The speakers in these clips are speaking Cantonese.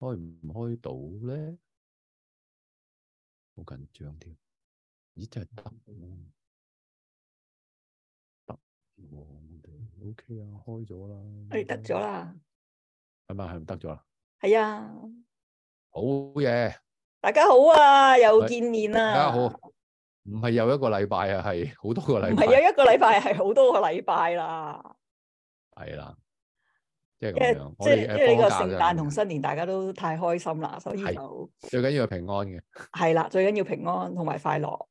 開唔開到咧？好緊張添，咦真係得，得，O K 啊，開咗啦，誒得咗啦，係咪係唔得咗啦？係啊，好嘢耶，大家好啊，又見面啦，大家好，唔係又一個禮拜啊，係好多個禮拜，唔係 啊，又一個禮拜係好多個禮拜啦，係啦。即係咁，即係即係呢個聖誕同新年，大家都太開心啦，所以就最緊要係平安嘅。係啦，最緊要平安同埋快樂。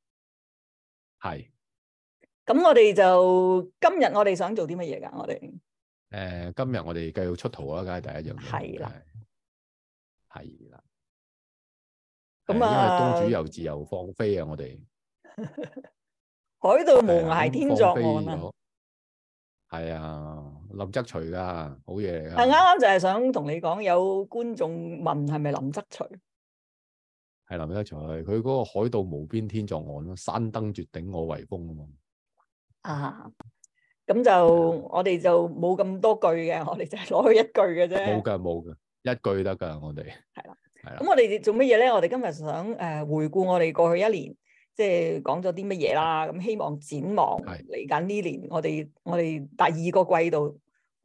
係是。咁我哋就今日我哋想做啲乜嘢噶？我哋誒，今日我哋繼、呃、續出逃啦，梗係第一樣嘢。係啦的，係啦的。咁啊，公主又自由放飛啊！我哋 海到無涯天作岸啊！係啊。林則徐噶好嘢嚟噶，係啱啱就係想同你講，有觀眾問係咪林則徐，係林則徐，佢嗰個海到無邊天作岸咯，山登絕頂我為峰啊嘛。啊，咁就我哋就冇咁多句嘅，我哋就係攞去一句嘅啫。冇噶冇噶，一句得噶，我哋係啦係啦。咁我哋做乜嘢咧？我哋今日想誒回顧我哋過去一年，即係講咗啲乜嘢啦。咁希望展望嚟緊呢年，我哋我哋第二個季度。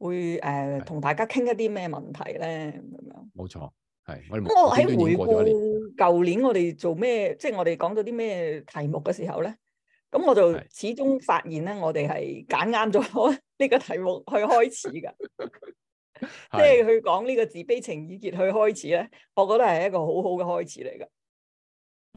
會誒，呃、的同大家傾一啲咩問題咧咁樣？冇錯。係。咁我喺回顧舊年我哋做咩，即係我哋講咗啲咩題目嘅時候咧，咁我就始終發現咧，我哋係揀啱咗呢個題目去開始噶，即係 的 去講呢個自卑情意結去開始咧，我覺得係一個好好嘅開始嚟噶。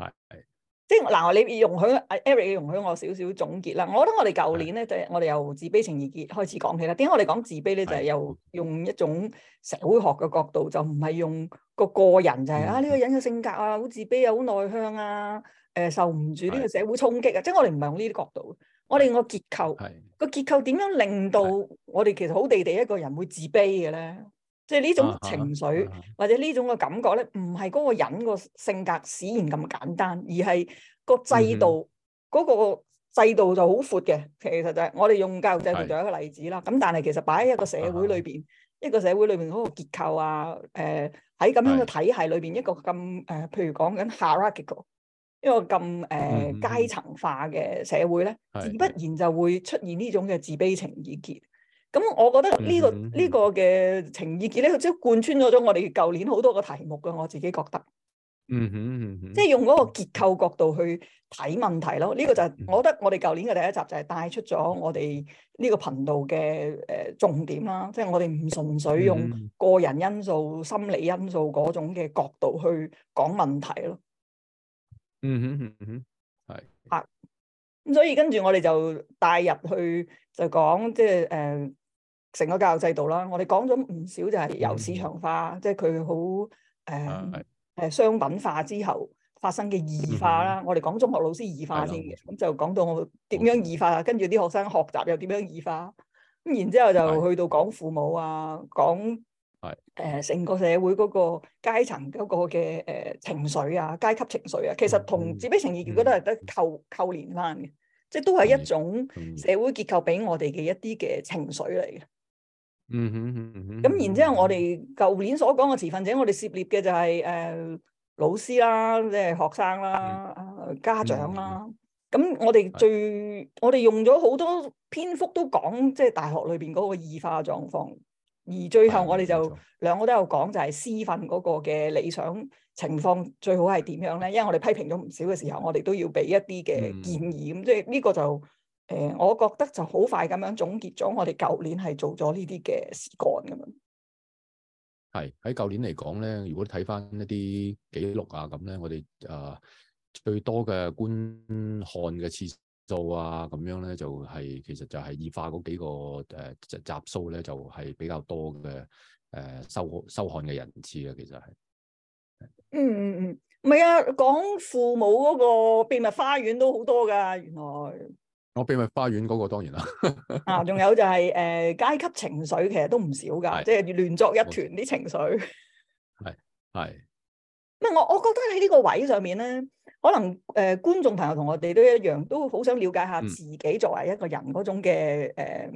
係係。即係嗱，你容許阿 Eric 容許我少少總結啦。我覺得我哋舊年咧，就係的我哋由自卑情結開始講起啦。點解我哋講自卑咧？就係又用一種社會學嘅角度，的就唔係用個個人就係、是、啊呢、呢個人嘅性格啊，好自卑啊，好內向啊，誒受唔住呢個社會衝擊啊。的即係我哋唔係用呢啲角度，我哋用的個結構，個結構點樣令到我哋其實好地地一個人會自卑嘅咧？即係呢種情緒或者呢種嘅感覺咧，唔係嗰個人個性格使然咁簡單，而係個制度嗰、嗯、個制度就好闊嘅。其實就係我哋用教育制度是做一個例子啦。咁但係其實擺喺一個社會裏邊，是一個社會裏邊嗰個結構啊，誒喺咁樣嘅體系裏邊，一個咁誒、呃，譬如講緊 hierarchical，一個咁誒階層化嘅社會咧，是自不然就會出現呢種嘅自卑情結。咁我覺得、這個 mm hmm. 個呢個呢個嘅情意結咧，佢即係貫穿咗咗我哋舊年好多個題目嘅，我自己覺得。嗯哼、mm hmm. 即係用嗰個結構角度去睇問題咯。呢、這個就係、是、我覺得我哋舊年嘅第一集就係帶出咗我哋呢個頻道嘅誒、呃、重點啦。即係我哋唔純粹用個人因素、mm hmm. 心理因素嗰種嘅角度去講問題咯。嗯哼嗯哼，係、hmm.。啊。咁、mm hmm. 嗯、所以跟住我哋就帶入去就講即係誒。呃成個教育制度啦，我哋講咗唔少，就係由市場化，嗯、即係佢好誒誒商品化之後發生嘅異化啦。我哋講中學老師異化先嘅，咁的、嗯、就講到我點樣異化，的跟住啲學生學習又點樣異化，咁然之後就去到講父母啊，是講誒成、呃、個社會嗰個階層嗰個嘅誒情緒啊，階級情緒啊，其實同自卑情意結果都係得扣扣連翻嘅、嗯嗯嗯嗯，即係都係一種社會結構俾我哋嘅一啲嘅情緒嚟嘅。嗯哼，咁、嗯、然之後我哋舊年所講嘅持份者，嗯、哼我哋涉獵嘅就係、是、誒、呃、老師啦，即係學生啦，家長啦。咁、嗯嗯、我哋最的我哋用咗好多篇幅都講，即、就、係、是、大學裏邊嗰個異化嘅狀況。而最後我哋就的兩個都有講，就係私訓嗰個嘅理想情況最好係點樣咧？因為我哋批評咗唔少嘅時候，我哋都要俾一啲嘅建議咁，即係呢個就。誒，我覺得就好快咁樣總結咗，我哋舊年係做咗呢啲嘅事幹咁樣。係喺舊年嚟講咧，如果你睇返一啲記錄啊，咁咧我哋誒、呃、最多嘅觀看嘅次數啊，咁樣咧就係、是、其實就係熱化嗰幾個誒、呃、集數咧，就係、是、比較多嘅誒、呃、收收看嘅人次啊，其實係。嗯嗯嗯，唔係啊，講父母嗰個秘密花園都好多㗎，原來。我秘密花園嗰個當然啦 ，啊，仲有就係、是、誒、呃、階級情緒，其實都唔少㗎，是即係亂作一團啲情緒。係 係，咁我我覺得喺呢個位上面咧，可能誒、呃、觀眾朋友同我哋都一樣，都好想了解下自己作為一個人嗰種嘅誒、嗯呃、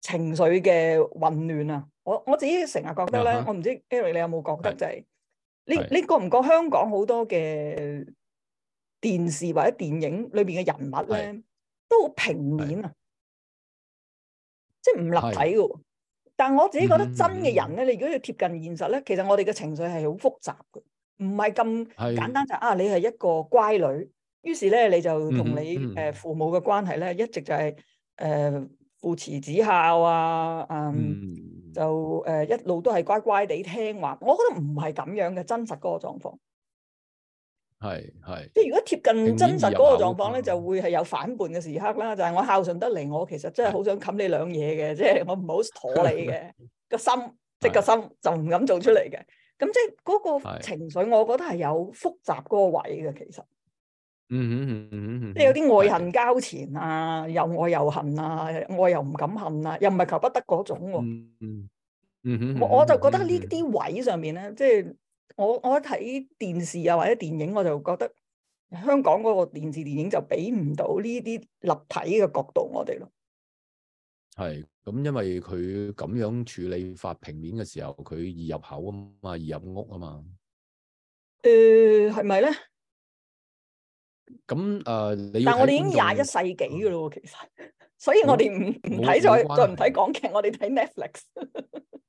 情緒嘅混亂啊！我我自己成日覺得咧，uh huh. 我唔知 Eric 你有冇覺得就係、是、是是你你覺唔覺香港好多嘅電視或者電影裏邊嘅人物咧？是是都好平面啊，即係唔立體噶。但我自己覺得真嘅人咧，你如果要貼近現實咧，其實我哋嘅情緒係好複雜嘅，唔係咁簡單。就啊，你係一個乖女，於是咧你就同你誒父母嘅關係咧，一直就係誒父慈子孝啊，嗯，就誒一路都係乖乖地聽話。我覺得唔係咁樣嘅真實嗰個狀況。係係，即係如果貼近真實嗰個狀況咧，就會係有反叛嘅時刻啦。就係我孝順得嚟，我其實真係好想冚你兩嘢嘅，即係我唔係好妥你嘅個心，即係個心就唔敢做出嚟嘅。咁即係嗰個情緒，我覺得係有複雜嗰個位嘅。其實，嗯嗯嗯嗯嗯，即係有啲愛恨交纏啊，又愛又恨啊，愛又唔敢恨啊，又唔係求不得嗰種。嗯嗯哼，我我就覺得呢啲位上面咧，即係。我我一睇電視啊或者電影，我就覺得香港嗰個電視電影就俾唔到呢啲立體嘅角度我哋咯。係咁，因為佢咁樣處理法平面嘅時候，佢易入口啊嘛，易入屋啊嘛。誒、呃，係咪咧？咁誒，呃、你但我哋已經廿一世紀噶啦，其實，所以我哋唔唔睇再再唔睇港劇，我哋睇 Netflix。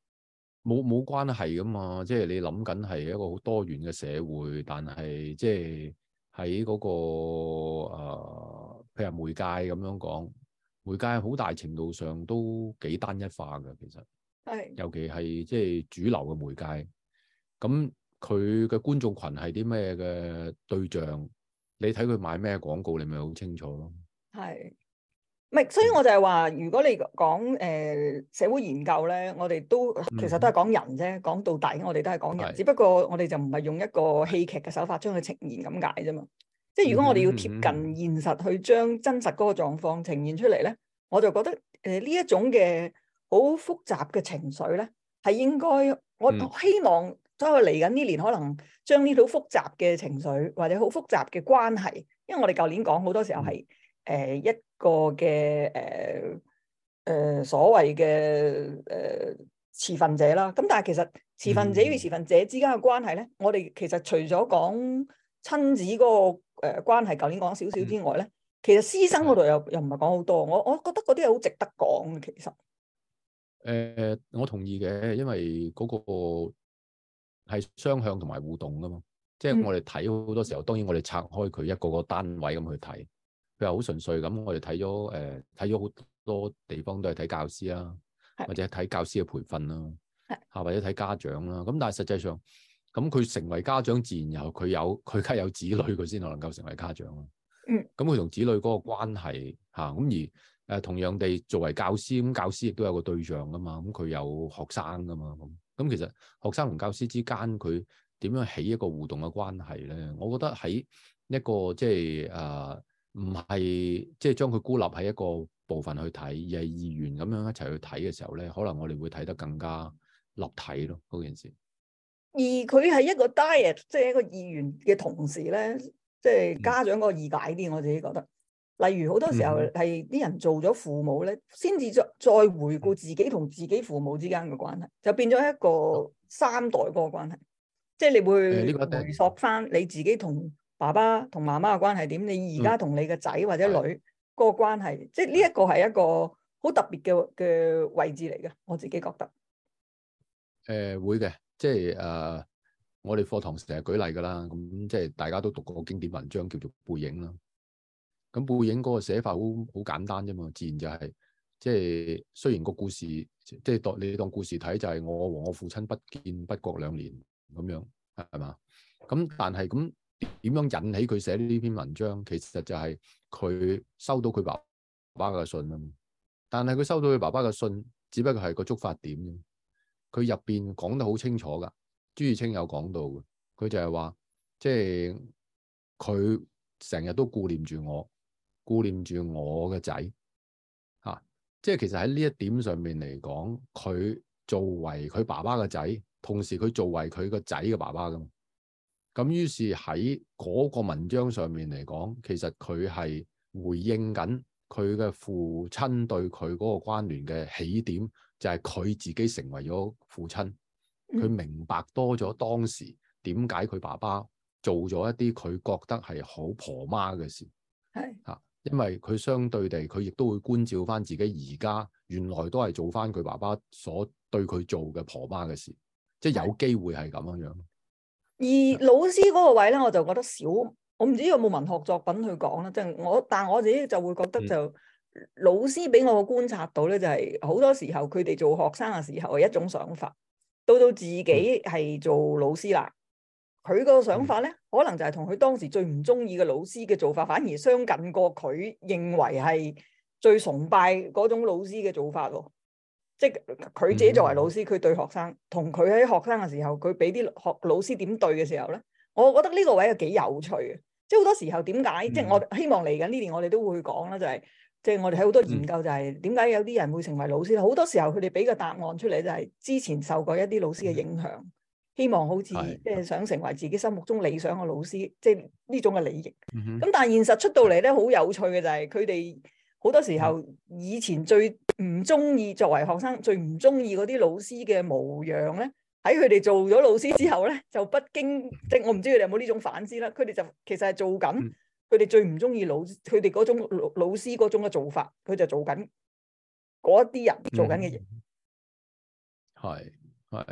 冇冇關係噶嘛，即係你諗緊係一個好多元嘅社會，但係即係喺嗰個啊、呃，譬如媒介咁樣講，媒介好大程度上都幾單一化嘅，其實係，是尤其係即係主流嘅媒介，咁佢嘅觀眾群係啲咩嘅對象，你睇佢買咩廣告，你咪好清楚咯，係。唔係，所以我就係話，如果你講誒、呃、社會研究咧，我哋都其實都係講人啫，講、嗯、到底我哋都係講人，是只不過我哋就唔係用一個戲劇嘅手法將佢呈現咁解啫嘛。即係如果我哋要貼近現實去將真實嗰個狀況呈現出嚟咧，我就覺得誒呢、呃、一種嘅好複雜嘅情緒咧，係應該我希望都係嚟緊呢年可能將呢套複雜嘅情緒或者好複雜嘅關係，因為我哋舊年講好多時候係、嗯。誒、呃，一個嘅誒誒，所謂嘅誒，呃、持份者啦。咁但係其實持份者與持份者之間嘅關係咧，嗯、我哋其實除咗講親子嗰個誒關係，舊年講少少之外咧，嗯、其實師生嗰度又又唔係講好多。我、嗯、我覺得嗰啲係好值得講嘅，其實。誒、呃，我同意嘅，因為嗰個係雙向同埋互動噶嘛。即係我哋睇好多時候，當然我哋拆開佢一個個單位咁去睇。佢係好純粹咁，我哋睇咗誒，睇咗好多地方都係睇教師啦，的或者睇教師嘅培訓啦，嚇的或者睇家長啦。咁但係實際上咁，佢成為家長，自然由佢有佢梗有子女，佢先能夠成為家長啊。嗯，咁佢同子女嗰個關係嚇咁、啊、而誒、呃，同樣地作為教師咁，教師亦都有個對象噶嘛。咁佢有學生噶嘛。咁咁其實學生同教師之間佢點樣起一個互動嘅關係咧？我覺得喺一個即係啊～、呃唔係即係將佢孤立喺一個部分去睇，而係二元咁樣一齊去睇嘅時候咧，可能我哋會睇得更加立體咯。嗰件事，而佢係一個 dyad，即係一個二元嘅同時咧，即、就、係、是、家長個理解啲，嗯、我自己覺得。例如好多時候係啲人做咗父母咧，先至再再回顧自己同自己父母之間嘅關係，就變咗一個三代個關係。嗯、即係你會追溯翻你自己同。爸爸同媽媽嘅關係點？你而家同你嘅仔或者女嗰個關係，的即係呢一個係一個好特別嘅嘅位置嚟嘅。我自己覺得，誒、呃、會嘅，即係誒、呃、我哋課堂成日舉例㗎啦。咁即係大家都讀過個經典文章叫做《背影》啦。咁《背影》嗰個寫法好好簡單啫嘛，自然就係、是、即係雖然個故事即係當你當故事睇，就係我和我父親不見不覺兩年咁樣，係嘛？咁但係咁。點樣引起佢寫呢篇文章？其實就係佢收到佢爸爸嘅信啊。但係佢收到佢爸爸嘅信，只不過係個觸發點啫。佢入邊講得好清楚噶，朱自清有講到嘅。佢就係話，即係佢成日都顧念住我，顧念住我嘅仔啊。即係其實喺呢一點上面嚟講，佢作為佢爸爸嘅仔，同時佢作為佢個仔嘅爸爸咁。咁於是喺嗰個文章上面嚟講，其實佢係回應緊佢嘅父親對佢嗰個關聯嘅起點，就係佢自己成為咗父親，佢明白多咗當時點解佢爸爸做咗一啲佢覺得係好婆媽嘅事。係嚇，因為佢相對地，佢亦都會關照翻自己而家原來都係做翻佢爸爸所對佢做嘅婆媽嘅事，即係有機會係咁樣樣。而老師嗰個位咧，我就覺得少，我唔知有冇文學作品去講啦。即係我，但我自己就會覺得就老師俾我個觀察到咧，就係好多時候佢哋做學生嘅時候一種想法，到到自己係做老師啦，佢個想法咧，可能就係同佢當時最唔中意嘅老師嘅做法，反而相近過佢認為係最崇拜嗰種老師嘅做法喎。即係佢自己作為老師，佢對學生，同佢喺學生嘅時候，佢俾啲學老師點對嘅時候咧，我覺得呢個位係幾有，有趣嘅。即係好多時候點解？ 即係我希望嚟緊呢年我哋都會講啦，就係、是、即係我哋喺好多研究，就係點解有啲人會成為老師。好 多時候佢哋俾個答案出嚟就係之前受過一啲老師嘅影響， 希望好似即係想成為自己心目中理想嘅老師，即係呢種嘅理翼。咁、 嗯、哼但係現實出到嚟咧，好有趣嘅就係佢哋。好多時候，以前最唔中意作為學生、最唔中意嗰啲老師嘅模樣咧，喺佢哋做咗老師之後咧，就不經即係我唔知佢哋有冇呢種反思啦。佢哋就其實係做緊佢哋最唔中意老佢哋嗰種老師嗰種嘅做法，佢就做緊嗰一啲人做緊嘅嘢。係，係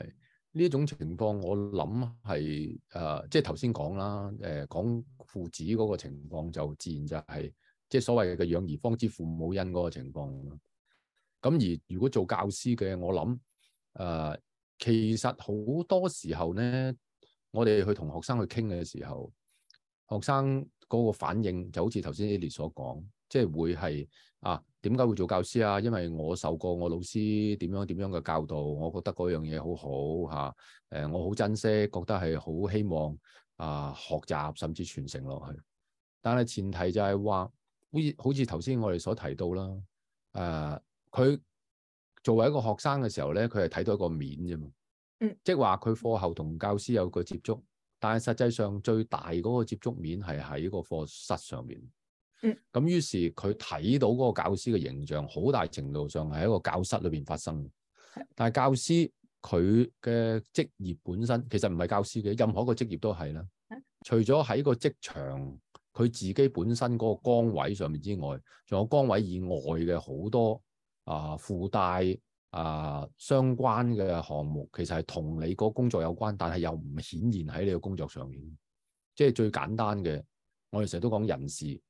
呢一種情況我，我諗係誒，即係頭先講啦，誒、呃、講父子嗰個情況就自然就係、係。即係所謂嘅養兒方知父母恩嗰個情況咯。咁而如果做教師嘅，我諗誒、呃，其實好多時候咧，我哋去同學生去傾嘅時候，學生嗰個反應就好似頭先 Eli 所講，即、就、係、是、會係啊點解會做教師啊？因為我受過我老師點樣點樣嘅教導，我覺得嗰樣嘢好好嚇誒，我好珍惜，覺得係好希望啊學習甚至傳承落去。但係前提就係、是、話。好似好似頭先我哋所提到啦，誒、啊，佢作為一個學生嘅時候咧，佢係睇到一個面啫嘛，嗯，即係話佢課後同教師有個接觸，但係實際上最大嗰個接觸面係喺個課室上面，嗯，咁於是佢睇到嗰個教師嘅形象，好大程度上係喺個教室裏邊發生，但係教師佢嘅職業本身，其實唔係教師嘅，任何一個職業都係啦，除咗喺個職場。佢自己本身嗰個崗位上面之外，仲有崗位以外嘅好多啊、呃、附帶啊、呃、相關嘅項目，其實係同你個工作有關，但係又唔顯現喺你個工作上面。即係最簡單嘅，我哋成日都講人事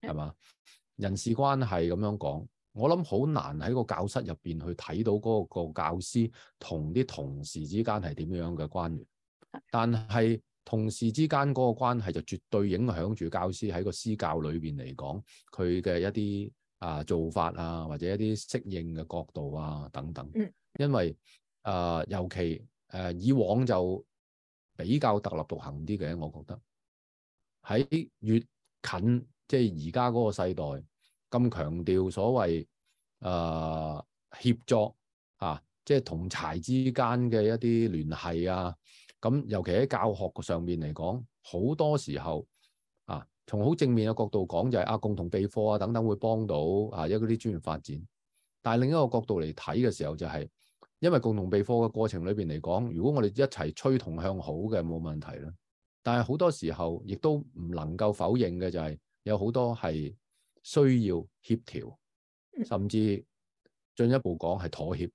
係嘛， 人事關係咁樣講，我諗好難喺個教室入邊去睇到嗰個教師同啲同事之間，係點樣嘅關聯，但係。同事之間嗰個關係就絕對影響住教師喺個施教裏邊嚟講，佢嘅一啲啊、呃、做法啊，或者一啲適應嘅角度啊等等。因為啊、呃，尤其誒、呃、以往就比較特立獨行啲嘅，我覺得喺越近即係而家嗰個世代咁強調所謂啊協作啊，即、就、係、是、同儕之間嘅一啲聯繫啊。咁尤其喺教學上面嚟講，好多時候啊，從好正面嘅角度講就係啊共同備課啊等等會幫到啊一啲專業發展。但係另一個角度嚟睇嘅時候就係，因為共同備課嘅過程裏邊嚟講，如果我哋一齊吹同向好嘅冇問題啦。但係好多時候亦都唔能夠否認嘅就係，有好多係需要協調，甚至進一步講係妥協。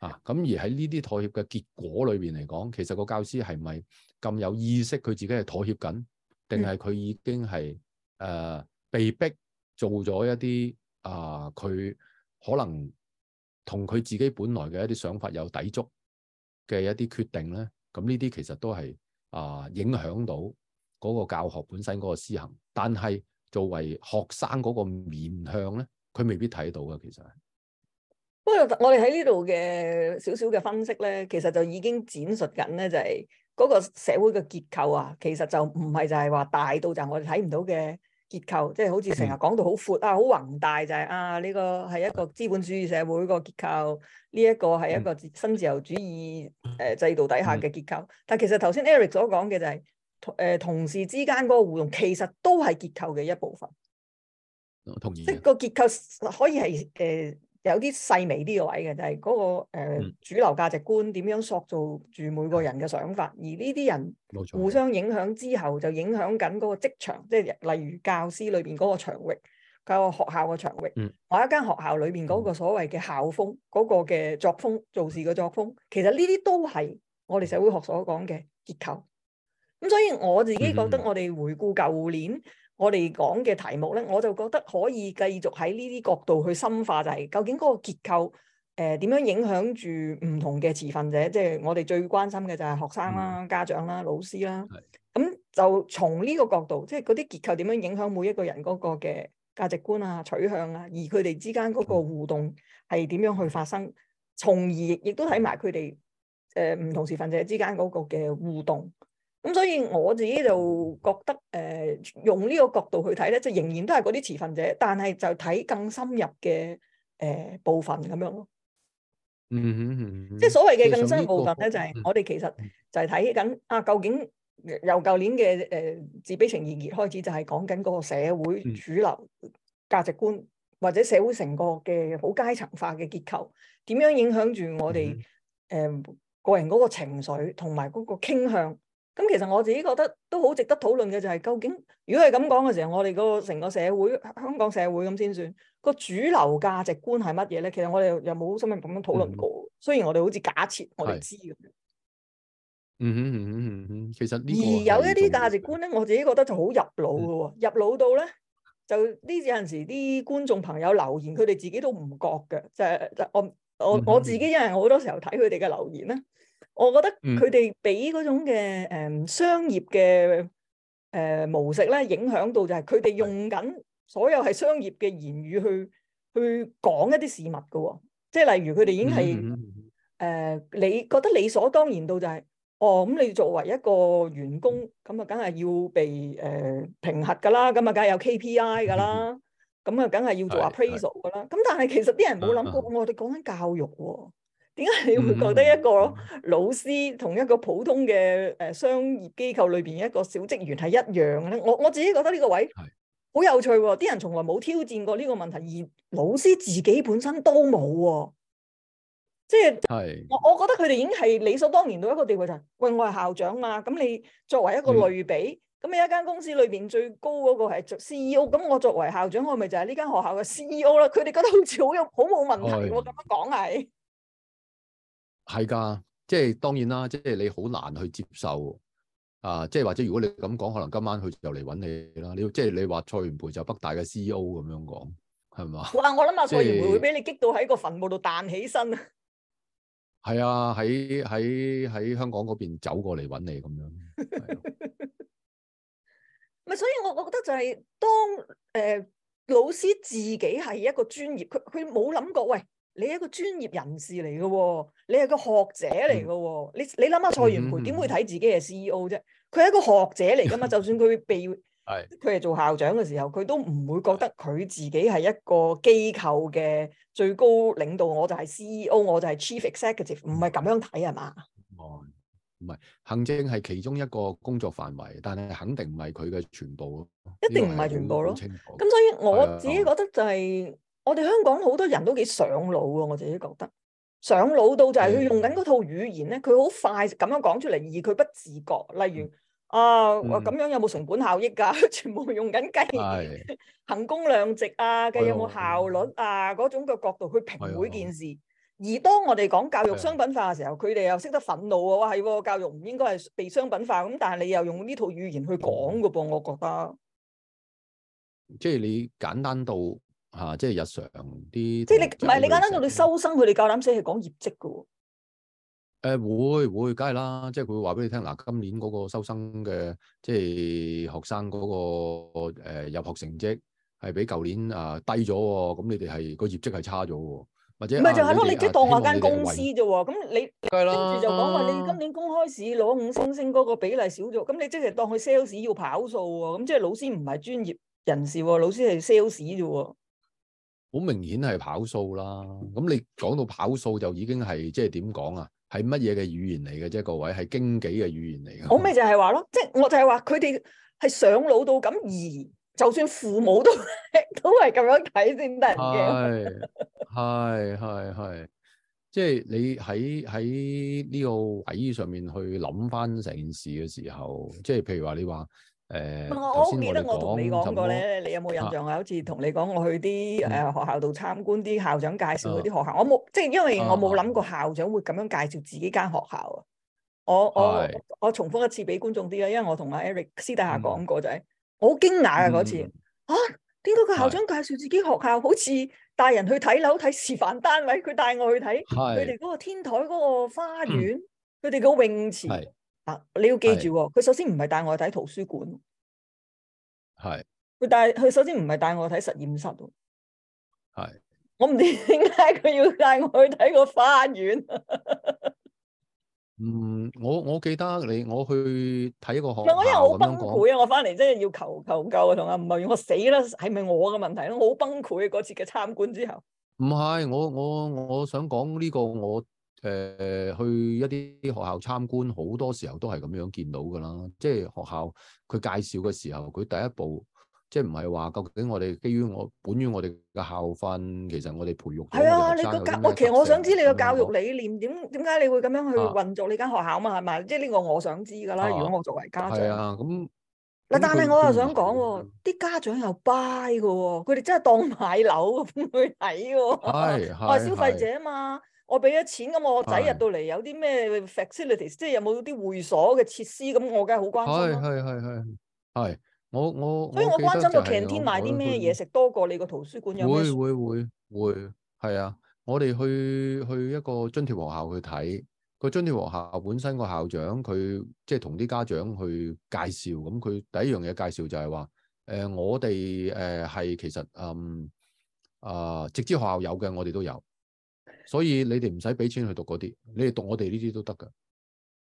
啊，咁而喺呢啲妥協嘅結果裏邊嚟講，其實個教師係咪咁有意識佢自己係妥協緊，定係佢已經係誒、呃、被逼做咗一啲啊，佢、呃、可能同佢自己本來嘅一啲想法有抵觸嘅一啲決定咧？咁呢啲其實都係啊、呃，影響到嗰個教學本身嗰個施行。但係作為學生嗰個面向咧，佢未必睇到嘅其實。不過我哋喺呢度嘅少少嘅分析咧，其實就已經展述緊咧、就是，就係嗰個社會嘅結構啊。其實就唔係就係話大到就係我哋睇唔到嘅結構，即、就、係、是、好似成日講到好闊、嗯、啊，好宏大就係、是、啊，呢、這個係一個資本主義社會個結構，呢、這、一個係一個新自由主義誒、呃、制度底下嘅結構。嗯嗯、但其實頭先 Eric 所講嘅就係、是、誒、呃、同事之間嗰個互動，其實都係結構嘅一部分。我同意。即係個結構可以係誒。呃有啲細微啲位嘅，就係、是、嗰、那個、呃、主流價值觀點樣塑造住每個人嘅想法，而呢啲人互相影響之後，就影響緊嗰個職場，即係例如教師裏邊嗰個場域，那個學校嘅場域，我、嗯、一間學校裏邊嗰個所謂嘅校風嗰、嗯、個嘅作風、做事嘅作風，其實呢啲都係我哋社會學所講嘅結構。咁所以我自己覺得，我哋回顧舊年。嗯嗯我哋講嘅題目咧，我就覺得可以繼續喺呢啲角度去深化、就是，就係究竟嗰個結構誒、呃、點樣影響住唔同嘅持份者？即係我哋最關心嘅就係學生啦、家長啦、老師啦。咁的就從呢個角度，即係嗰啲結構點樣影響每一個人嗰個嘅價值觀啊、取向啊，而佢哋之間嗰個互動係點樣去發生，從而亦都睇埋佢哋誒唔同持份者之間嗰個嘅互動。咁、嗯、所以我自己就覺得，誒、呃，用呢個角度去睇咧，就仍然都係嗰啲持份者，但係就睇更深入嘅誒、呃、部分咁樣咯、嗯。嗯嗯嗯，即係所謂嘅更深部分咧，分就係我哋其實就係睇緊啊，究竟、呃、由舊年嘅誒、呃、自卑情意結開始，就係講緊嗰個社會主流價值觀、嗯嗯、或者社會成個嘅好階層化嘅結構，點樣影響住我哋誒、嗯哼呃、個人嗰個情緒同埋嗰個傾向。咁其實我自己覺得都好值得討論嘅就係究竟如果係咁講嘅時候，我哋嗰個成個社會香港社會咁先算個主流價值觀係乜嘢咧？其實我哋又冇深入咁樣討論過。嗯、雖然我哋好似假設我哋知咁樣、嗯。嗯哼嗯哼嗯，其實而有一啲價值觀咧，嗯、我自己覺得就好入腦嘅喎，嗯、入腦到咧就呢有陣時啲觀眾朋友留言，佢哋自己都唔覺嘅，就係就我我、嗯嗯嗯、我自己，因為我好多時候睇佢哋嘅留言咧。我覺得佢哋俾嗰種嘅誒、嗯、商業嘅誒、呃、模式咧，影響到就係佢哋用緊所有係商業嘅言語去去講一啲事物噶喎、哦。即係例如佢哋已經係誒，你、呃、覺得理所當然到就係、是、哦咁、嗯，你作為一個員工咁啊，梗係要被誒、呃、評核噶啦，咁啊梗係有 KPI 噶啦，咁啊梗係要做 appraisal 噶啦。咁 是但係其實啲人冇諗過，我哋講緊教育喎、哦。點解你會覺得一個老師同一個普通嘅誒商業機構裏邊一個小職員係一樣咧？我我自己覺得呢個位好有趣、哦，啲人從來冇挑戰過呢個問題，而老師自己本身都冇，即係是我我覺得佢哋已經係理所當然到一個地步，就係、喂、我係校長嘛。咁你作為一個類比，咁、嗯、你一間公司裏邊最高嗰個係做 C E O，咁我作為校長，我咪就係呢間學校嘅 C E O 咯。佢哋覺得好似好有好冇問題，我咁樣講係。係噶，即係當然啦，即係你好難去接受啊！即係或者如果你咁講，可能今晚佢就嚟揾你啦。你要即係你話蔡元培就北大嘅 CEO 咁樣講，係咪？哇！我諗啊，蔡元培會俾你激到喺個墳墓度彈起身。係啊，喺喺喺香港嗰邊走過嚟揾你咁樣。咪 的 所以，我我覺得就係當誒、呃、老師自己係一個專業，佢佢冇諗過喂。你係一個專業人士嚟嘅喎，你係個學者嚟嘅喎。你你諗下蔡元培點會睇自己係 CEO 啫？佢係一個學者嚟㗎嘛？就算佢被係佢係做校長嘅時候，佢都唔會覺得佢自己係一個機構嘅最高領導。我就係 CEO，我就係 Chief Executive，唔係咁樣睇係嘛？哦，唔係行政係其中一個工作範圍，但係肯定唔係佢嘅全部咯，一定唔係全部咯。咁所以我自己覺得就係、是。嗯我哋香港好多人都幾上腦啊！我自己覺得上腦到就係佢用緊嗰套語言咧，佢好的快咁樣講出嚟，而佢不自覺。例如啊，咁、啊啊、樣有冇成本效益噶、啊？ 全部用緊計的衡工量值啊，計有冇效率啊？嗰的種嘅角度去評每件事。的而當我哋講教育商品化嘅時候，佢哋的又識得憤怒啊！哇，係教育唔應該係被商品化咁，但係你又用呢套語言去講噶噃，我覺得即係、嗯、你簡單到。吓、啊，即係日常啲，即係你唔係你，是你簡單到你收生佢哋夠膽死係講業績噶喎。誒、呃，會會，梗係啦，即係佢會話俾你聽嗱、啊，今年嗰個收生嘅即係學生嗰、那個誒、呃、入學成績係比舊年啊、呃、低咗，咁、嗯、你哋係個業績係差咗，或者唔係就係、是、咯，啊、你們即係當我間公司啫，咁你梗跟住就講話你今年公開試攞五星星嗰個比例少咗，咁你即係當佢 sales 要跑數啊，咁即係老師唔係專業人士，老師係 sales 啫。好明顯係跑數啦，咁你講到跑數就已經係即係點講啊？係乜嘢嘅語言嚟嘅啫？各位係經紀嘅語言嚟嘅。好咪就係話咯，即係我就係話佢哋係上腦到咁而，就算父母都都係咁樣睇先得嘅。係係係， 即係你喺喺呢個位上面去諗翻成件事嘅時候，即係譬如話你話。誒，我好記得我同你講過咧，你有冇印象啊？好似同你講我去啲誒學校度參觀，啲校長介紹嗰啲學校，我冇即係，因為我冇諗過校長會咁樣介紹自己間學校啊。我我我重複一次俾觀眾啲啦，因為我同阿 Eric 私底下講過就係，我好驚訝啊嗰次，啊，點解個校長介紹自己學校，好似帶人去睇樓睇示範單位，佢帶我去睇佢哋嗰個天台嗰個花園，佢哋個泳池。你要記住，佢的首先唔係帶我去睇圖書館，係佢帶佢首先唔係帶我去睇實驗室，係的我唔知點解佢要帶我去睇個花園。 嗯，我我記得你我去睇個學校，我因為好崩潰啊，我翻嚟真係要求求救啊，同阿唔係我死啦，係咪我嘅問題？我啊，好崩潰啊，嗰次嘅參觀之後，唔係我我我想講呢個我。誒，去一啲學校參觀，好多時候都係咁樣見到噶啦。即係學校佢介紹嘅時候，佢第一步即係唔係話究竟我哋基於我本於我哋嘅校訓，其實我哋培育係啊。你個教，其實我想知你個教育理念點？點解你會咁樣去運作你間學校嘛？係咪？即係呢個我想知噶啦。如果我作為家長，啊咁嗱，但係我又想講，啲家長又 buy 嘅喎，佢哋真係當買樓咁去睇喎，係係，我係消費者嘛。我俾咗錢咁，我仔入到嚟有啲咩 facilities，係，即係有冇啲會所嘅設施？咁我梗係好關心咯。係係係係我我所以我、就係、我關心個 canteen 買啲咩嘢食多過你個圖書館有咩？會會會會，係啊！我哋去去一個津貼學校去睇個津貼學校本身個校長，佢即係同啲家長去介紹。咁佢第一樣嘢介紹就係話：誒、呃，我哋誒係其實嗯啊、呃，直資學校有嘅，我哋都有。所以你哋唔使俾錢去讀嗰啲，你哋讀我哋呢啲都得噶，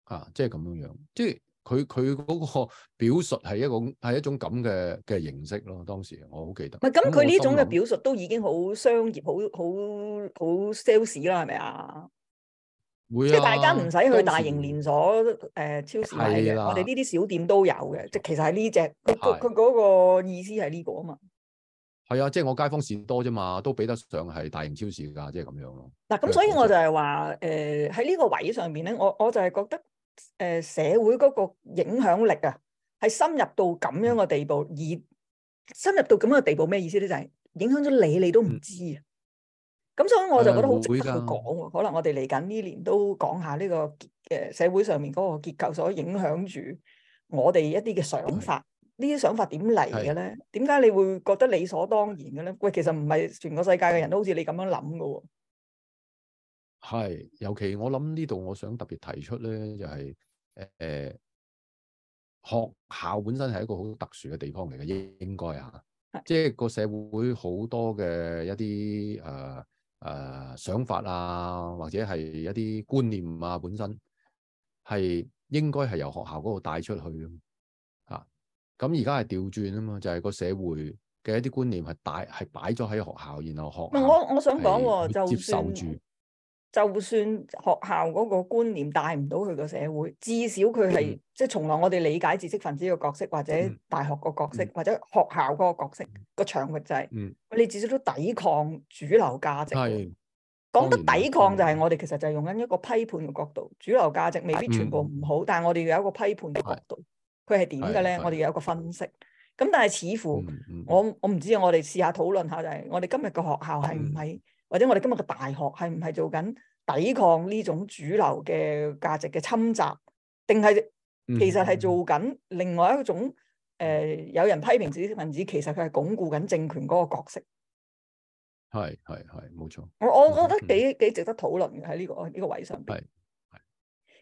啊，即係咁樣樣，即係佢佢嗰個表述係一,一種係一種咁嘅嘅形式咯。當時我好記得。唔係，咁佢呢種嘅表述都已經好商業，好好好 sales 啦，係咪啊？會。即係大家唔使去大型連鎖誒時、呃、超市買嘅，我哋呢啲小店都有嘅。即係其實係呢只佢佢嗰個意思係呢個啊嘛。係啊，即係我街坊線多啫嘛，都比得上係大型超市噶，即係咁樣咯。嗱，咁所以我就係話，誒喺呢個位上面咧，我我就係覺得，誒社會嗰個影響力啊，係深入到咁樣嘅地步，而深入到咁樣嘅地步，咩意思咧？就係影響咗你，你都唔知。咁所以我就覺得好值得去講。可能我哋嚟緊呢年都講下呢個，誒社會上面嗰個結構所影響住我哋一啲嘅想法。呢啲想法點嚟嘅咧？點解是你會覺得理所當然嘅咧？喂，其實唔係全個世界嘅人都好似你咁樣諗嘅喎。係，尤其我諗呢度，我想特別提出咧，就係、是、誒、呃，學校本身係一個好特殊嘅地方嚟嘅，應該啊，即係個社會好多嘅一啲誒誒想法啊，或者係一啲觀念啊，本身係應該係由學校嗰度帶出去。咁而家係調轉啊嘛，就係、是、個社會嘅一啲觀念係大係擺咗喺學校，然後學我我想講喎，就接受住，就算學校嗰個觀念帶唔到佢個社會，至少佢係即係從來我哋理解知識分子嘅角色，或者大學個角色，嗯嗯、或者學校嗰個角色個場域就係、是，嗯、你至少都抵抗主流價值。係講得抵抗就係我哋其實就係用緊一個批判嘅角度，主流價值未必全部唔好，嗯、但係我哋要有一個批判嘅角度。佢係點嘅咧？呢我哋有一個分析，咁但係似乎、嗯嗯、我我唔知啊。我哋試下討論下，就係、是、我哋今日個學校係唔係，嗯、或者我哋今日個大學係唔係做緊抵抗呢種主流嘅價值嘅侵襲，定係其實係做緊另外一種誒、嗯呃？有人批評知識分子，其實佢係鞏固緊政權嗰個角色。係係係，冇錯。我我覺得幾幾值得討論嘅喺呢個呢、呢個位上邊。嗯嗯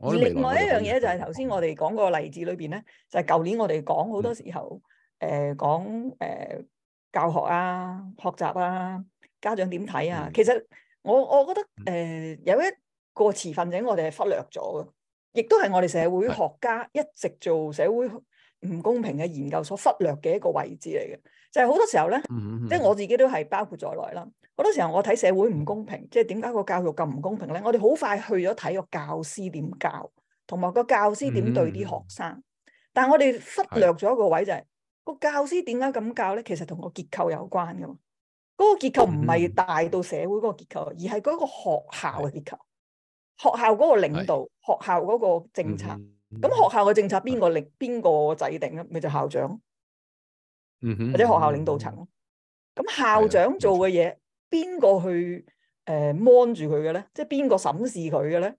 而另外一樣嘢就係頭先我哋講個例子裏邊咧，就係、是、舊年我哋講好多時候，誒講誒教學啊、學習啊、家長點睇啊，嗯、其實我我覺得誒、呃、有一個持份者，我哋係忽略咗嘅，亦都係我哋社會學家一直做社會唔公平嘅研究所忽略嘅一個位置嚟嘅，就係、是、好多時候咧，即係、嗯嗯嗯、我自己都係包括在內啦。好多時候我睇社會唔公平，即係點解個教育咁唔公平咧？我哋好快去咗睇個教師點教，同埋個教師點對啲學生。但係我哋忽略咗一個位就係個教師點解咁教咧？其實同個結構有關噶嘛。嗰個結構唔係大到社會嗰個結構，而係嗰個學校嘅結構。學校嗰個領導、學校嗰個政策，咁學校嘅政策邊個令邊個制定咧？咪就校長，或者學校領導層咯。咁校長做嘅嘢。邊個去誒 mon 住佢嘅咧？即係邊個審視佢嘅咧？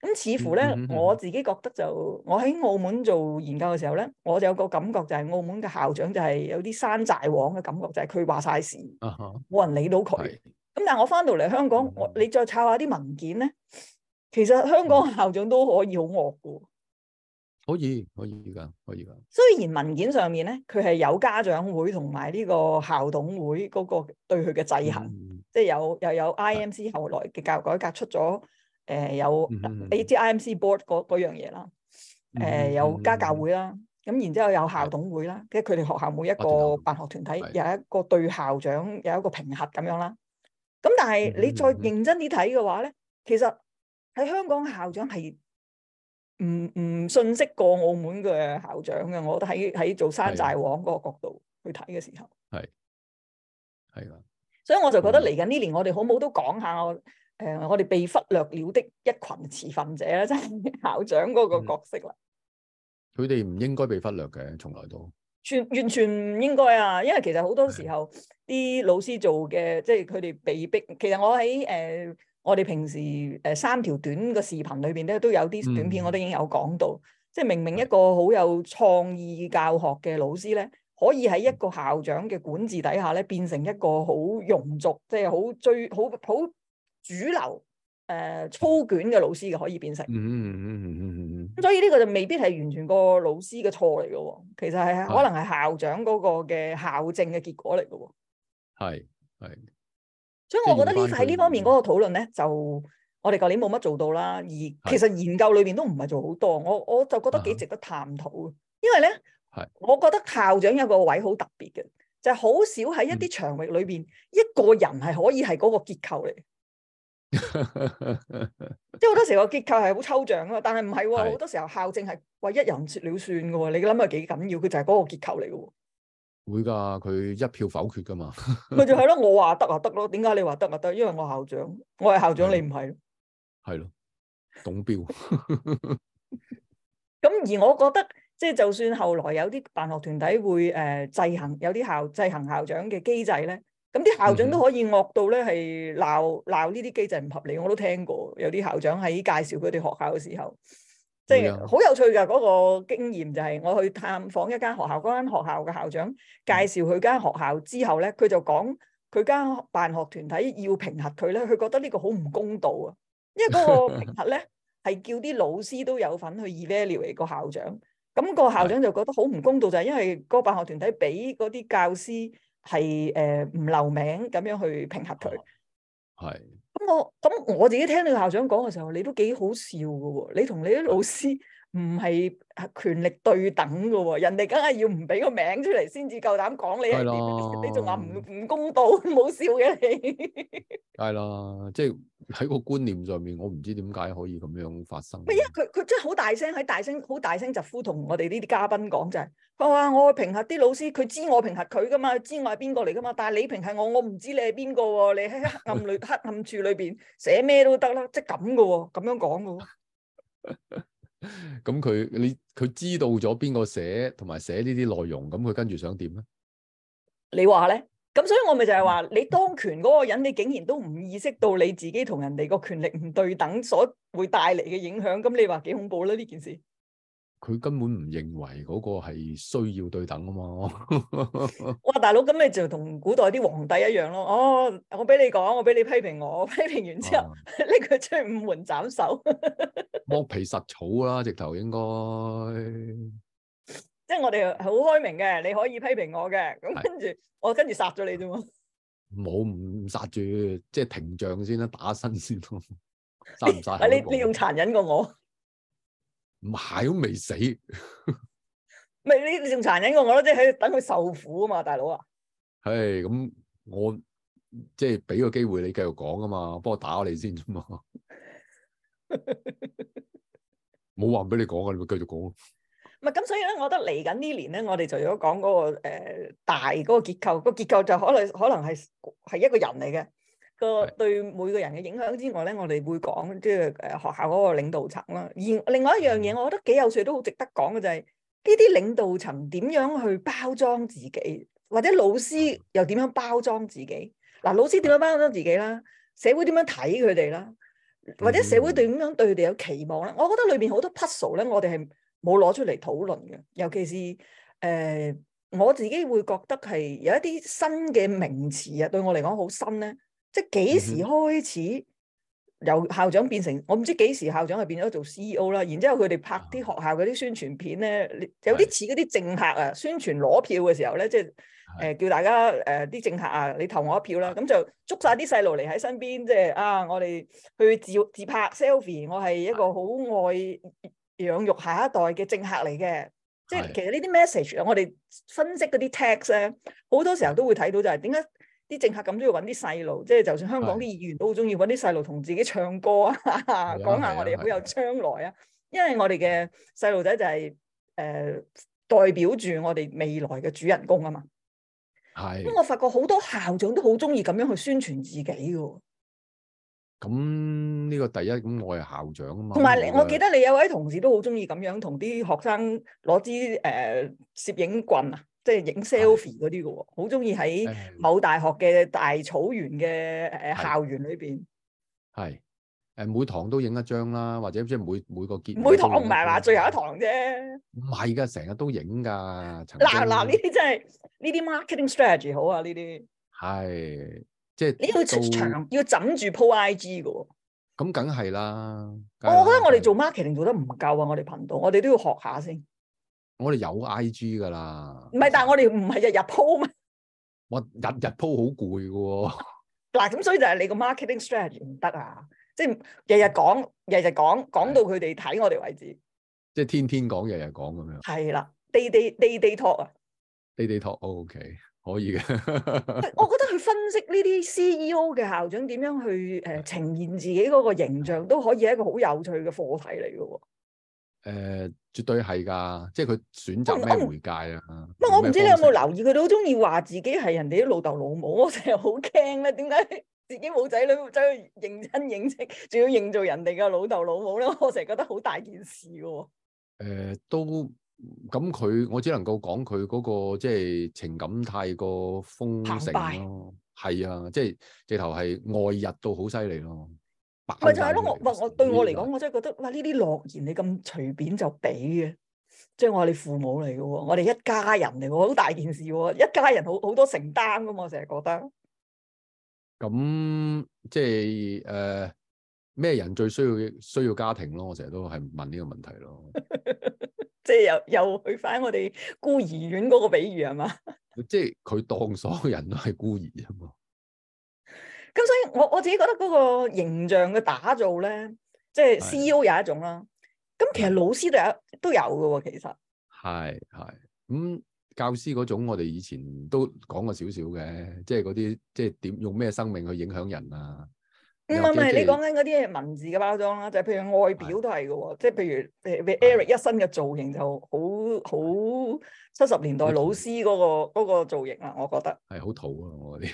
咁似乎咧，我自己覺得就我喺澳門做研究嘅時候咧，我就有個感覺就係澳門嘅校長就係有啲山寨王嘅感覺，就係佢話晒事，冇、uh huh. 人理到佢。咁、uh huh. 但係我翻到嚟香港，uh huh. 我你再抄下啲文件咧，其實香港校長都可以好惡嘅。可以，可以噶，可以噶。雖然文件上面咧，佢係有家長會同埋呢個校董會嗰個對佢嘅制衡，嗯、即係有又有，有 I M C 後來嘅教育改革出咗，誒、呃、有你知 I M C board 嗰嗰樣嘢啦，誒、嗯呃、有家教會啦，咁然之後有校董會啦，的即係佢哋學校每一個辦學團體有一個對校長有一個評核咁樣啦。咁但係你再認真啲睇嘅話咧，其實喺香港校長係。唔唔，遜色過澳門嘅校長嘅，我覺得喺喺做山寨王嗰個角度的去睇嘅時候，係係啦。所以我就覺得嚟緊呢年，我哋好唔好都講下我誒，我哋被忽略了的一群持份者啦，即係校長嗰個角色啦。佢哋唔應該被忽略嘅，從來都全完全唔應該啊！因為其實好多時候啲的老師做嘅，即係佢哋被逼。其實我喺誒。呃我哋平時誒、呃、三條短嘅視頻裏邊咧，都有啲短片，我都已經有講到。嗯、即係明明一個好有創意教學嘅老師咧，可以喺一個校長嘅管治底下咧，變成一個好庸俗，即係好追、好好主流誒粗、呃、捲嘅老師嘅，可以變成。嗯嗯嗯嗯嗯嗯。咁、嗯嗯嗯嗯嗯、所以呢個就未必係完全個老師嘅錯嚟嘅喎，其實係、嗯、可能係校長嗰個嘅校政嘅結果嚟嘅喎。係係、嗯。嗯嗯嗯。所以我覺得呢塊呢方面嗰個討論咧，就我哋舊年冇乜做到啦。而其實研究裏邊都唔係做好多，我我就覺得幾值得探討。因為咧，uh huh. 我覺得校長有個位好特別嘅，就係、是、好少喺一啲場域裏邊，一個人係可以係嗰個結構嚟。即係好多時個結構係好抽象啊嘛，但係唔係好多時候校政係唯一人說了算嘅。你諗下幾緊要？佢就係、是、嗰個結構嚟嘅。會噶，佢一票否決噶嘛。咪 就係、是、咯，我話得啊，得咯。點解你話得啊，得？因為我校長，我係校長，的你唔係。係咯，董標。咁 而我覺得，即係就算後來有啲辦學團體會誒、呃、制衡，有啲校制衡校長嘅機制咧，咁啲校長都可以惡到咧，係鬧鬧呢啲機制唔合理。我都聽過，有啲校長喺介紹佢哋學校嘅時候。即係好有趣㗎，嗰個經驗就係我去探訪一間學校，嗰間學校嘅校長介紹佢間學校之後咧，佢就講佢間辦學團體要評核佢咧，佢覺得呢個好唔公道啊！因為嗰個評核咧，係叫啲老師都有份去 evaluate 個校長，咁個校長就覺得好唔公道的就係因為嗰個辦學團體俾嗰啲教師係誒唔留名咁樣去評核佢。係。咁、哦、我自己聽你校長講嘅時候，你都幾好笑嘅，你同你啲老師。 唔係權力對等噶喎、哦，人哋梗係要唔俾個名出嚟先至夠膽講你係點，的你仲話唔唔公道，唔好笑嘅你係啦的，即係喺個觀念上面，我唔知點解可以咁樣發生。唔係因為佢佢真係好大聲，喺大聲好大聲疾呼、就是，同我哋呢啲嘉賓講就係，佢話我評核啲老師，佢知我評核佢噶嘛，知我係邊個嚟噶嘛，但係你評核我，我唔知你係邊個喎，你喺黑暗裏黑暗處裏邊寫咩都得啦、啊，即係咁噶喎，咁樣講噶。 咁佢你佢知道咗邊個寫同埋寫呢啲內容，咁佢跟住想點咧？你話咧，咁所以我咪就係話你當權嗰個人，你竟然都唔意識到你自己同人哋個權力唔對等所會帶嚟嘅影響，咁你話幾恐怖咧呢件事？佢根本唔認為嗰個係需要對等啊嘛！ 哇，大佬，咁你就同古代啲皇帝一樣咯。哦，我俾你講，我俾你批評我，我批評完之後，拎佢出去五門斬首，剝皮實草啦，直頭應該。即係我哋好開明嘅，你可以批評我嘅，咁跟住的我跟住殺咗你啫嘛。冇唔殺住，即係屏障先啦，打身先咯。殺唔殺？你、啊、你用殘忍過我。 買都未死，咪 你你仲殘忍過我咯？即係等佢受苦啊嘛，大佬啊！唉、hey，咁我即係俾個機會你繼續講啊嘛，幫我，我打你先啫嘛，冇話唔俾你講噶，你咪繼續講。咪咁 所以咧，我覺得嚟緊呢年咧，我哋除咗講嗰個誒、呃、大嗰個結構，個結構就可能可能係係一個人嚟嘅。個對每個人嘅影響之外咧，我哋會講即係誒學校嗰個領導層啦。而另外一樣嘢，我覺得幾有趣，都好值得講嘅就係呢啲領導層點樣去包裝自己，或者老師又點樣包裝自己？嗱，老師點樣包裝自己啦？社會點樣睇佢哋啦？或者社會對點樣對佢哋有期望咧？嗯、我覺得裏邊好多 puzzle 咧，我哋係冇攞出嚟討論嘅。尤其是誒、呃，我自己會覺得係有一啲新嘅名詞啊，對我嚟講好新咧。即係幾時開始由校長變成我唔知幾時校長係變咗做 CEO 啦，然之後佢哋拍啲學校嗰啲宣傳片咧，有啲似嗰啲政客啊，宣傳攞票嘅時候咧，即係誒、呃、叫大家誒啲、呃、政客啊，你投我一票啦，咁是的 就捉晒啲細路嚟喺身邊，即係啊，我哋去自自拍 selfie，我係一個好愛養育下一代嘅政客嚟嘅。是的 即係其實呢啲 message 啊，我哋分析嗰啲 text 咧，好多時候都會睇到就係點解？啲政客咁都要揾啲細路，即係就算香港啲議員的都好中意揾啲細路同自己唱歌啊，講下的 我哋好有將來啊！的因為我哋嘅細路仔就係、是、誒、呃、代表住我哋未來嘅主人公啊嘛。因咁的我發覺好多校長都好中意咁樣去宣傳自己嘅。咁呢、呢個第一，咁我係校長啊嘛。同埋，我,的我記得你有位同事都好中意咁樣同啲學生攞支誒攝影棍啊。即係影 selfie 嗰啲嘅喎的，好中意喺某大學嘅大草原嘅誒的、呃、校園裏邊。係，誒每堂都影一張啦，或者即係每每個結。每堂唔係話最後一堂啫。唔係噶，成日都影噶。嗱嗱，呢啲真係呢啲 marketing strategy 好啊，呢啲。係，即係你要出到要枕住 po IG 嘅喎。咁梗係啦。啦我覺得我哋做 marketing 做得唔夠啊！我哋頻道，我哋都要學下先。我哋有 I G 噶啦，唔係，但係我哋唔係日日鋪咩？我日日鋪好攰噶，嗱咁，所以就係你個 marketing strategy 唔得啊，即係日日講，日日講，講的到佢哋睇我哋為止，即係天天講，日日講咁樣，係啦，Day Day Day Day talk 啊，Day Day talk，O K，可以嘅。 我覺得去分析呢啲 C E O 嘅校長點樣去誒呈現自己嗰個形象，都可以係一個好有趣嘅課題嚟嘅、啊。誒、呃，絕對係噶，即係佢選擇咩媒介啊？唔係，我唔知你有冇留意，佢都好中意話自己係人哋啲老豆老母，我成日好驚咧。點解自己冇仔女走去認親認戚，仲要認做人哋嘅老豆老母咧？我成日覺得好大件事嘅。誒、呃，都咁佢，我只能夠講佢嗰個即係、就是、情感太過豐盛咯。係澎湃啊，即係直頭係外溢都好犀利咯。咪就係咯，我我對我嚟講，我真係覺得，哇！呢啲諾言你咁隨便就俾嘅，即係我哋父母嚟嘅喎，我哋一家人嚟嘅喎，好大件事喎、啊，一家人好好多承擔噶嘛，我成日覺得。咁即係誒，咩、呃、人最需要需要家庭咯？我成日都係問呢個問題咯。 即係又又去翻我哋孤兒院嗰個比喻係嘛？ 即係佢當所有人都係孤兒啫嘛。咁所以我我自己覺得嗰個形象嘅打造咧，即係 CEO 有一種啦。咁其實老師都有都有嘅喎，其實係係咁教師嗰種，我哋以前都講過少少嘅，即係嗰啲即係點用咩生命去影響人啊？唔係唔係，嗯、你講緊嗰啲係文字嘅包裝啦，就係、譬如外表都係嘅喎，即係的譬如 Eric 一身嘅造型就好好七十年代老師嗰、嗰個、的個造型啊，我覺得係好土啊！我啲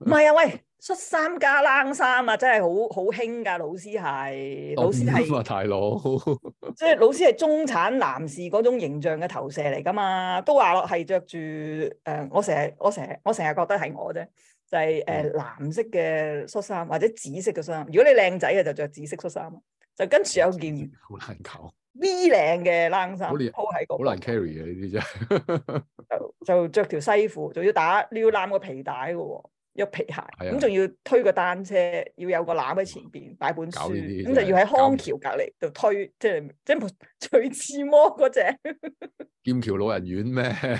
唔係啊，喂，恤衫加冷衫啊，真係好好興噶！老師係、嗯、老師係、啊，大佬即係老師係中產男士嗰種形象嘅投射嚟噶嘛，都話係着住誒，我成日我成日我成日覺得係我啫。就係、是、誒、呃、藍色嘅恤衫，或者紫色嘅衫。如果你靚仔嘅就着紫色恤衫，就跟住有件好難搞、V 領嘅冷衫，鋪喺個。好難 carry 嘅、啊、呢啲真 就着著條西褲，仲要打撩攬個皮帶嘅喎，著皮鞋。咁仲的要推個單車，要有個攬喺前邊，擺本書。咁就要喺康橋隔離就推，面即係即係徐志摩嗰隻。 劍橋老人院咩？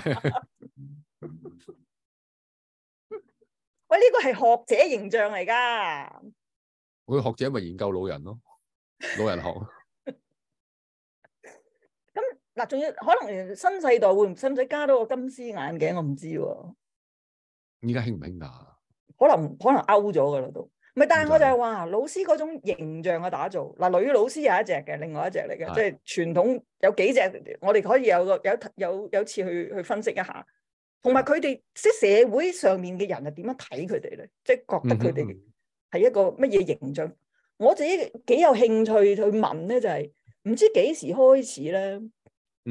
呢、啊，這個係學者形象嚟噶佢學者咪研究老人咯，哦，老人學。咁嗱， 仲要可能新世代會唔使唔使加多個金絲眼鏡，我唔知喎，哦。依家興唔興噶？可能可能勾咗噶啦，都唔係。但係我就係話老師嗰種形象嘅打造，嗱行、呃呃，女老師有一隻嘅，另外一隻嚟嘅，即係傳統有幾隻，我哋可以有個有有有，有次去去分析一下。同埋佢哋即係社會上面嘅人係點樣睇佢哋咧？即係覺得佢哋係一個乜嘢形象？我自己幾有興趣去問咧，就係、是、唔知幾時開始咧，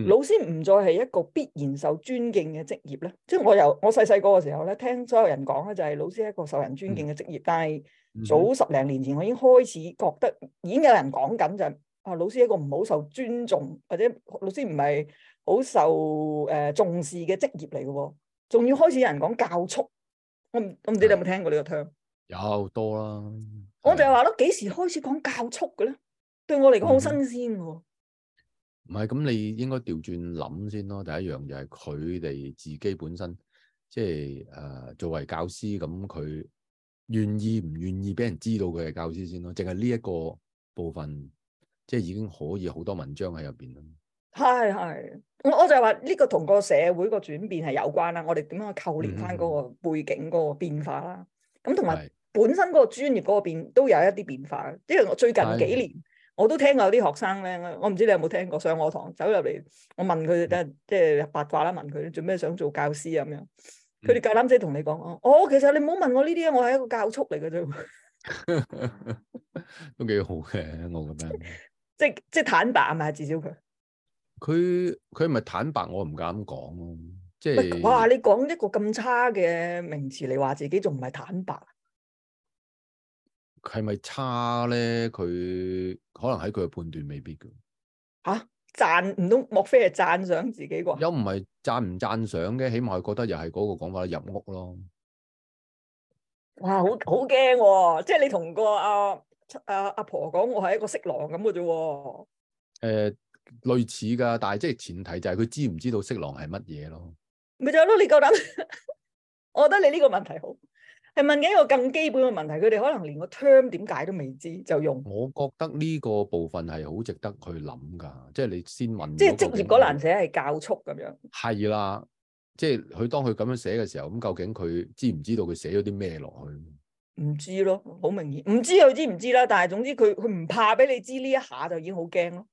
老師唔再係一個必然受尊敬嘅職業咧。即、就、係、是、我由我細細個嘅時候咧，聽所有人講咧，就係老師係一個受人尊敬嘅職業。但係早十零年前，我已經開始覺得已經有人講緊就係啊，老師係一個唔好受尊重或者老師唔係好受誒重視嘅職業嚟嘅喎。仲要開始有人講教速，我唔我唔知你有冇聽過呢個 term？有多啦。我就係話咯，幾時開始講教速嘅咧？對我嚟講好新鮮嘅。唔係咁，你應該調轉諗先咯。第一樣就係佢哋自己本身，即係誒、呃，作為教師，咁佢願意唔願意俾人知道佢係教師先咯。淨係呢一個部分，即係已經可以好多文章喺入邊啦。係係，我我就話呢個同個社會個轉變係有關啦。我哋點樣去扣連翻嗰個背景嗰個變化啦？咁同埋本身嗰個專業嗰個變都有一啲變化。因為我最近幾年、哎、我都聽過有啲學生咧，我唔知你有冇聽過上我堂走入嚟，我問佢，等即係八卦啦，問佢做咩想做教師啊咁樣。佢哋夠膽啲同你講，哦，其實你唔好問我呢啲啊，我係一個教畜嚟嘅啫。嗯、 都幾好嘅，我覺得 即。即係即係坦白啊嘛，至少佢。佢佢唔係坦白，我唔敢講咯。即係哇，你講一個咁差嘅名詞你話自己，仲唔係坦白？係咪差咧？佢可能喺佢嘅判斷未必㗎。吓讚唔通莫非係讚賞自己啩？又唔係讚唔讚賞嘅？起碼係覺得又係嗰個講法，入屋咯。哇，好好驚、哦！即係你同個阿阿阿婆講，我係一個色狼咁嘅啫。誒、欸。類似噶，但係即係前提就係佢知唔知道色狼係乜嘢咯？咪就咯，你夠膽？ 我覺得你呢個問題好，係問緊一個更基本嘅問題。佢哋可能連個 term 點解都未知就用。我覺得呢個部分係好值得去諗噶，即係你先問。即係職業嗰欄寫係教速咁樣。係啦，即係佢當佢咁樣寫嘅時候，咁究竟佢知唔知道佢寫咗啲咩落去？唔知咯，好明顯唔知佢知唔知啦。但係總之佢佢唔怕俾你知呢一下就已經好驚咯。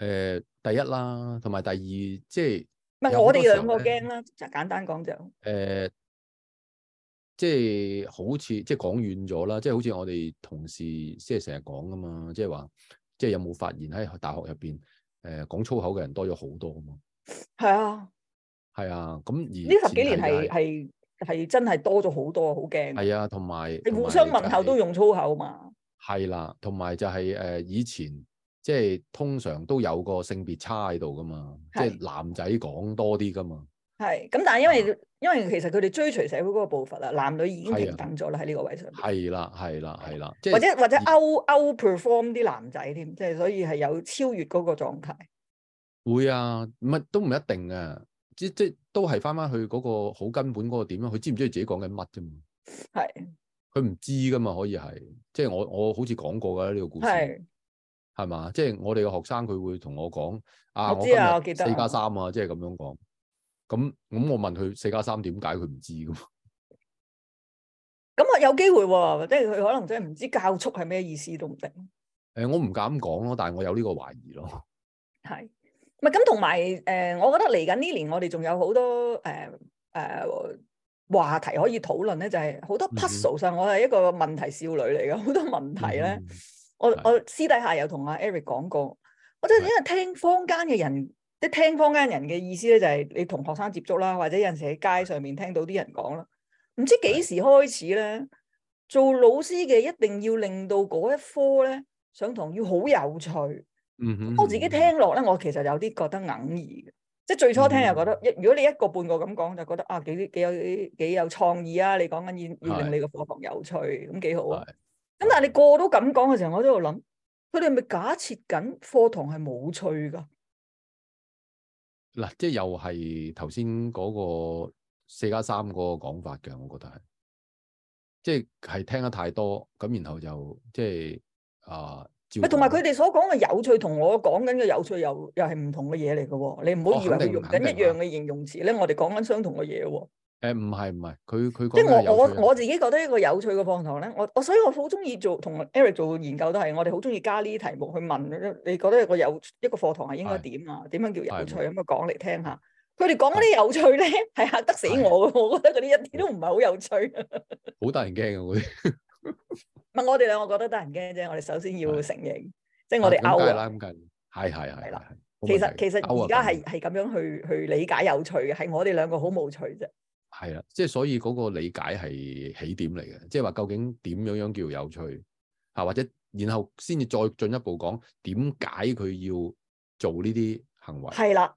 誒、呃，第一啦，同埋第二，即係咪我哋兩個驚啦？就係簡單講就誒、呃，即係好似即係講遠咗啦，即係好似我哋同事即係成日講㗎嘛，即係話即係有冇發現喺大學入邊誒講粗口嘅人多咗好多啊嘛？係啊，係啊，咁而呢十幾年係係係真係多咗好多好驚！係啊，同埋你互相問候都、就是、用粗口嘛？係啦、啊，同埋就係誒以前。即係通常都有個性別差喺度噶嘛，即係男仔講多啲噶嘛。係咁，但係因為、啊、因為其實佢哋追隨社會嗰個步伐啦，男女已經平等咗啦喺呢個位上面。係啦，係啦，係啦，或者或者 out perform 啲男仔添，即係的所以係有超越嗰個狀態。會啊，唔係都唔一定嘅，即即都係翻翻去嗰個好根本嗰個點啊。佢知唔知自己講緊乜啫？嘛係的。佢唔知噶嘛，可以係，即係我我，我好似講過噶呢、這個故事。係嘛？即係我哋嘅學生，佢會同我講啊，我，知我記得四加三啊，即係咁樣講。咁、嗯、咁、嗯，我問佢四加三點解，佢唔知噶嘛？咁啊，有機會、哦，即係佢可能真係唔知教促係咩意思都唔定。誒、嗯，我唔敢講咯，但係我有呢個懷疑咯。係咪咁？同埋誒，我覺得嚟緊呢年，我哋仲有好多誒誒話題可以討論咧，就係、是、好多 puzzle 上，我係一個問題少女嚟嘅，好、嗯、多問題咧。嗯我我私底下有同阿 Eric 講過，我真係因為聽坊間嘅人，即係的聽坊間的人嘅意思咧，就係你同學生接觸啦，或者有陣時喺街上面聽到啲人講啦，唔知幾時開始咧，的做老師嘅一定要令到嗰一科咧，上堂要好有趣。嗯哼，嗯，哼嗯哼，我自己聽落咧，我其實有啲覺得啞耳嘅，即係最初聽又覺得，嗯哼嗯哼，如果你一個半個咁講，就覺得啊，幾幾有幾有創意啊！你講緊要要，要令你個課堂有趣，咁的幾好啊！的咁但係你個都咁講嘅時候，我都喺度諗，佢哋係咪假設緊課堂係冇趣噶？嗱，即係又係頭先嗰個四加三嗰個講法嘅，我覺得係，即係聽得太多，咁然後就即係啊，唔係，同埋佢哋所講嘅有趣，同我講緊嘅有趣又又係唔同嘅嘢嚟嘅。你唔好以為佢用緊一樣嘅形容詞咧，我哋講緊相同嘅嘢。誒，唔係唔係，佢佢即係我我我自己覺得一個有趣嘅課堂咧，我我所以我好中意做同 Eric 做研究都係，我哋好中意加呢啲題目去問，你覺得個有一個課堂係應該點啊？點樣叫有趣咁啊？講嚟聽下，佢哋講嗰啲有趣咧，係吓得死我，我覺得嗰啲一啲都唔係好有趣，好得人驚嘅啲。唔係我哋兩個覺得得人驚啫，我哋首先要承認，即係我哋嘔。梗係啦，咁梗係。係係啦，其實其實而家係係咁樣去去理解有趣嘅，係我哋兩個好無趣啫。係啦，即係所以嗰個理解係起點嚟嘅，即係話究竟點樣樣叫有趣啊？或者然後先至再進一步講，點解佢要做呢啲行為？係啦，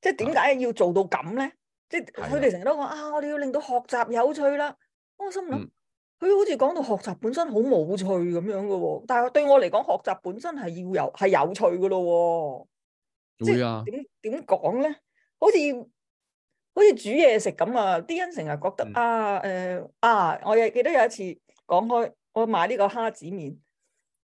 即係點解要做到咁咧？的即係佢哋成日都講啊，我哋要令到學習有趣啦。我心諗佢、嗯、好似講到學習本身好無趣咁樣嘅，但係對我嚟講，學習本身係要有係有趣噶咯。會啊的？點點講咧？好似好似煮嘢食咁、嗯、啊！啲人成日覺得啊，誒啊，我又記得有一次講開，我買呢個蝦子麵。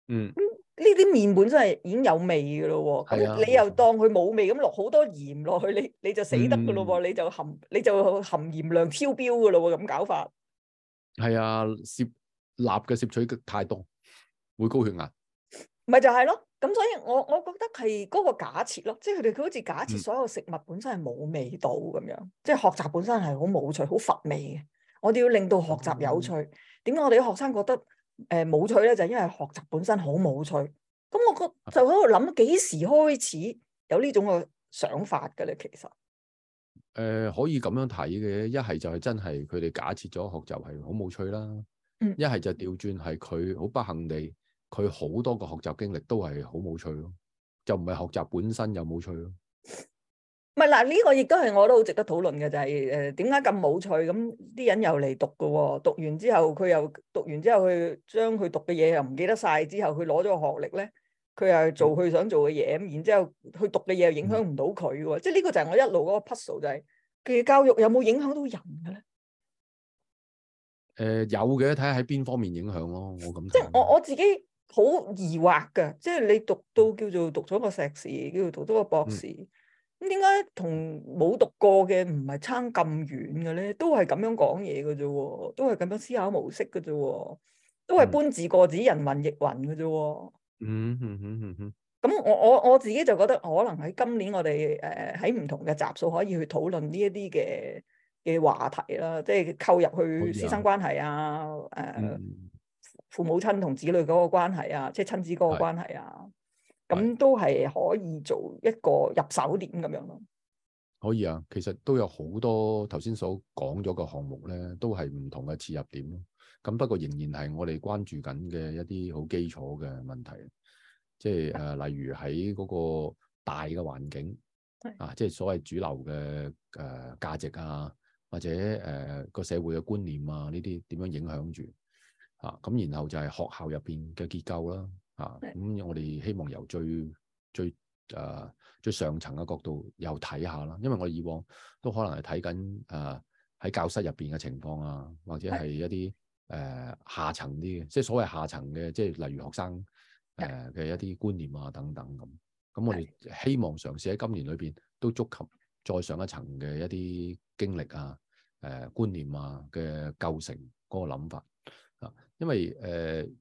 嗯。呢啲麵本身係已經有味嘅咯喎，嗯、你又當佢冇味咁落好多鹽落去，你你就死得嘅咯喎，嗯、你就含你就含鹽量超標嘅咯喎，咁搞法。係啊，攝鈉嘅攝取太多會高血壓。咪就係咯。咁所以我，我我覺得係嗰個假設咯，即係佢哋佢好似假設所有食物本身係冇味道咁樣，即係學習本身係好無趣、好乏味嘅。我哋要令到學習有趣。點解、嗯、我哋啲學生覺得誒、呃、無趣咧？就係、因為學習本身好無趣。咁我覺就喺度諗幾時開始有呢種嘅想法嘅咧？其實誒、呃、可以咁樣睇嘅，一係就係真係佢哋假設咗學習係好無趣啦。嗯，一係就調轉係佢好不幸地。佢好多個學習經歷都係好冇趣咯，就唔係學習本身有冇趣咯。唔係嗱，呢個亦都係我都好值得討論嘅就係誒點解咁冇趣？咁啲人又嚟讀嘅喎，讀完之後佢又讀完之後，佢將佢讀嘅嘢又唔記得晒，之後佢攞咗個學歷咧，佢又做佢想做嘅嘢，咁然之後佢讀嘅嘢又影響唔到佢喎。即係呢個就係我一路嗰個 puzzle 就係佢嘅教育有冇影響到人嘅咧？誒有嘅，睇下喺邊方面影響咯。我咁即係我我自己。好疑惑㗎，即係你讀到叫做讀咗個碩士，叫做讀咗個博士，咁點解同冇讀過嘅唔係差咁遠嘅咧？都係咁樣講嘢嘅啫喎，都係咁樣思考模式嘅啫喎，都係搬字過紙，人云亦云嘅啫喎。嗯嗯嗯嗯咁我我我自己就覺得，可能喺今年我哋誒喺唔同嘅集數可以去討論呢一啲嘅嘅話題啦，即係扣入去師生關係啊，誒。呃嗯父母親同子女嗰個關係啊，即係親子嗰個關係啊，咁是都係可以做一個入手點咁樣咯。可以啊，其實都有好多頭先所講咗個項目咧，都係唔同嘅切入點。咁不過仍然係我哋關注緊嘅一啲好基礎嘅問題，即係誒，例如喺嗰個大嘅環境是啊，即係所謂主流嘅誒、呃、價值啊，或者誒個、呃、社會嘅觀念啊，呢啲點樣影響住？啊，咁然後就係學校入邊嘅結構啦。啊，咁我哋希望由最最誒最上層嘅角度又睇下啦。因為我以往都可能係睇緊誒喺教室入邊嘅情況啊，或者係一啲誒下層啲嘅，即係所謂下層嘅，即係例如學生誒嘅一啲觀念啊等等咁、啊。咁我哋希望嘗試喺今年裏邊都觸及再上一層嘅一啲經歷啊、誒觀念啊嘅構成嗰個諗法。因為誒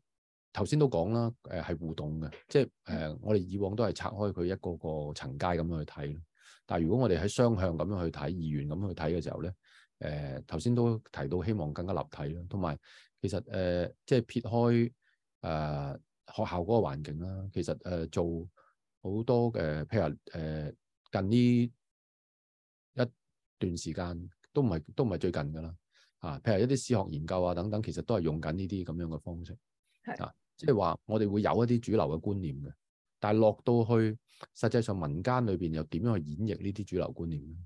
頭先都講啦，誒、呃、係互動嘅，即係誒、呃、我哋以往都係拆開佢一個一個層階咁樣去睇，但係如果我哋喺雙向咁樣去睇，意願咁樣去睇嘅時候咧，誒頭先都提到希望更加立體咯，同埋其實誒即係撇開誒學校嗰個環境啦，其實誒、呃呃呃、做好多嘅譬如誒、呃、近呢一段時間都唔係都唔係最近噶啦。啊，譬如一啲史學研究啊，等等，其實都係用緊呢啲咁樣嘅方式的啊。即係話我哋會有一啲主流嘅觀念嘅，但係落到去實際上民間裏邊又點樣去演繹呢啲主流觀念咧？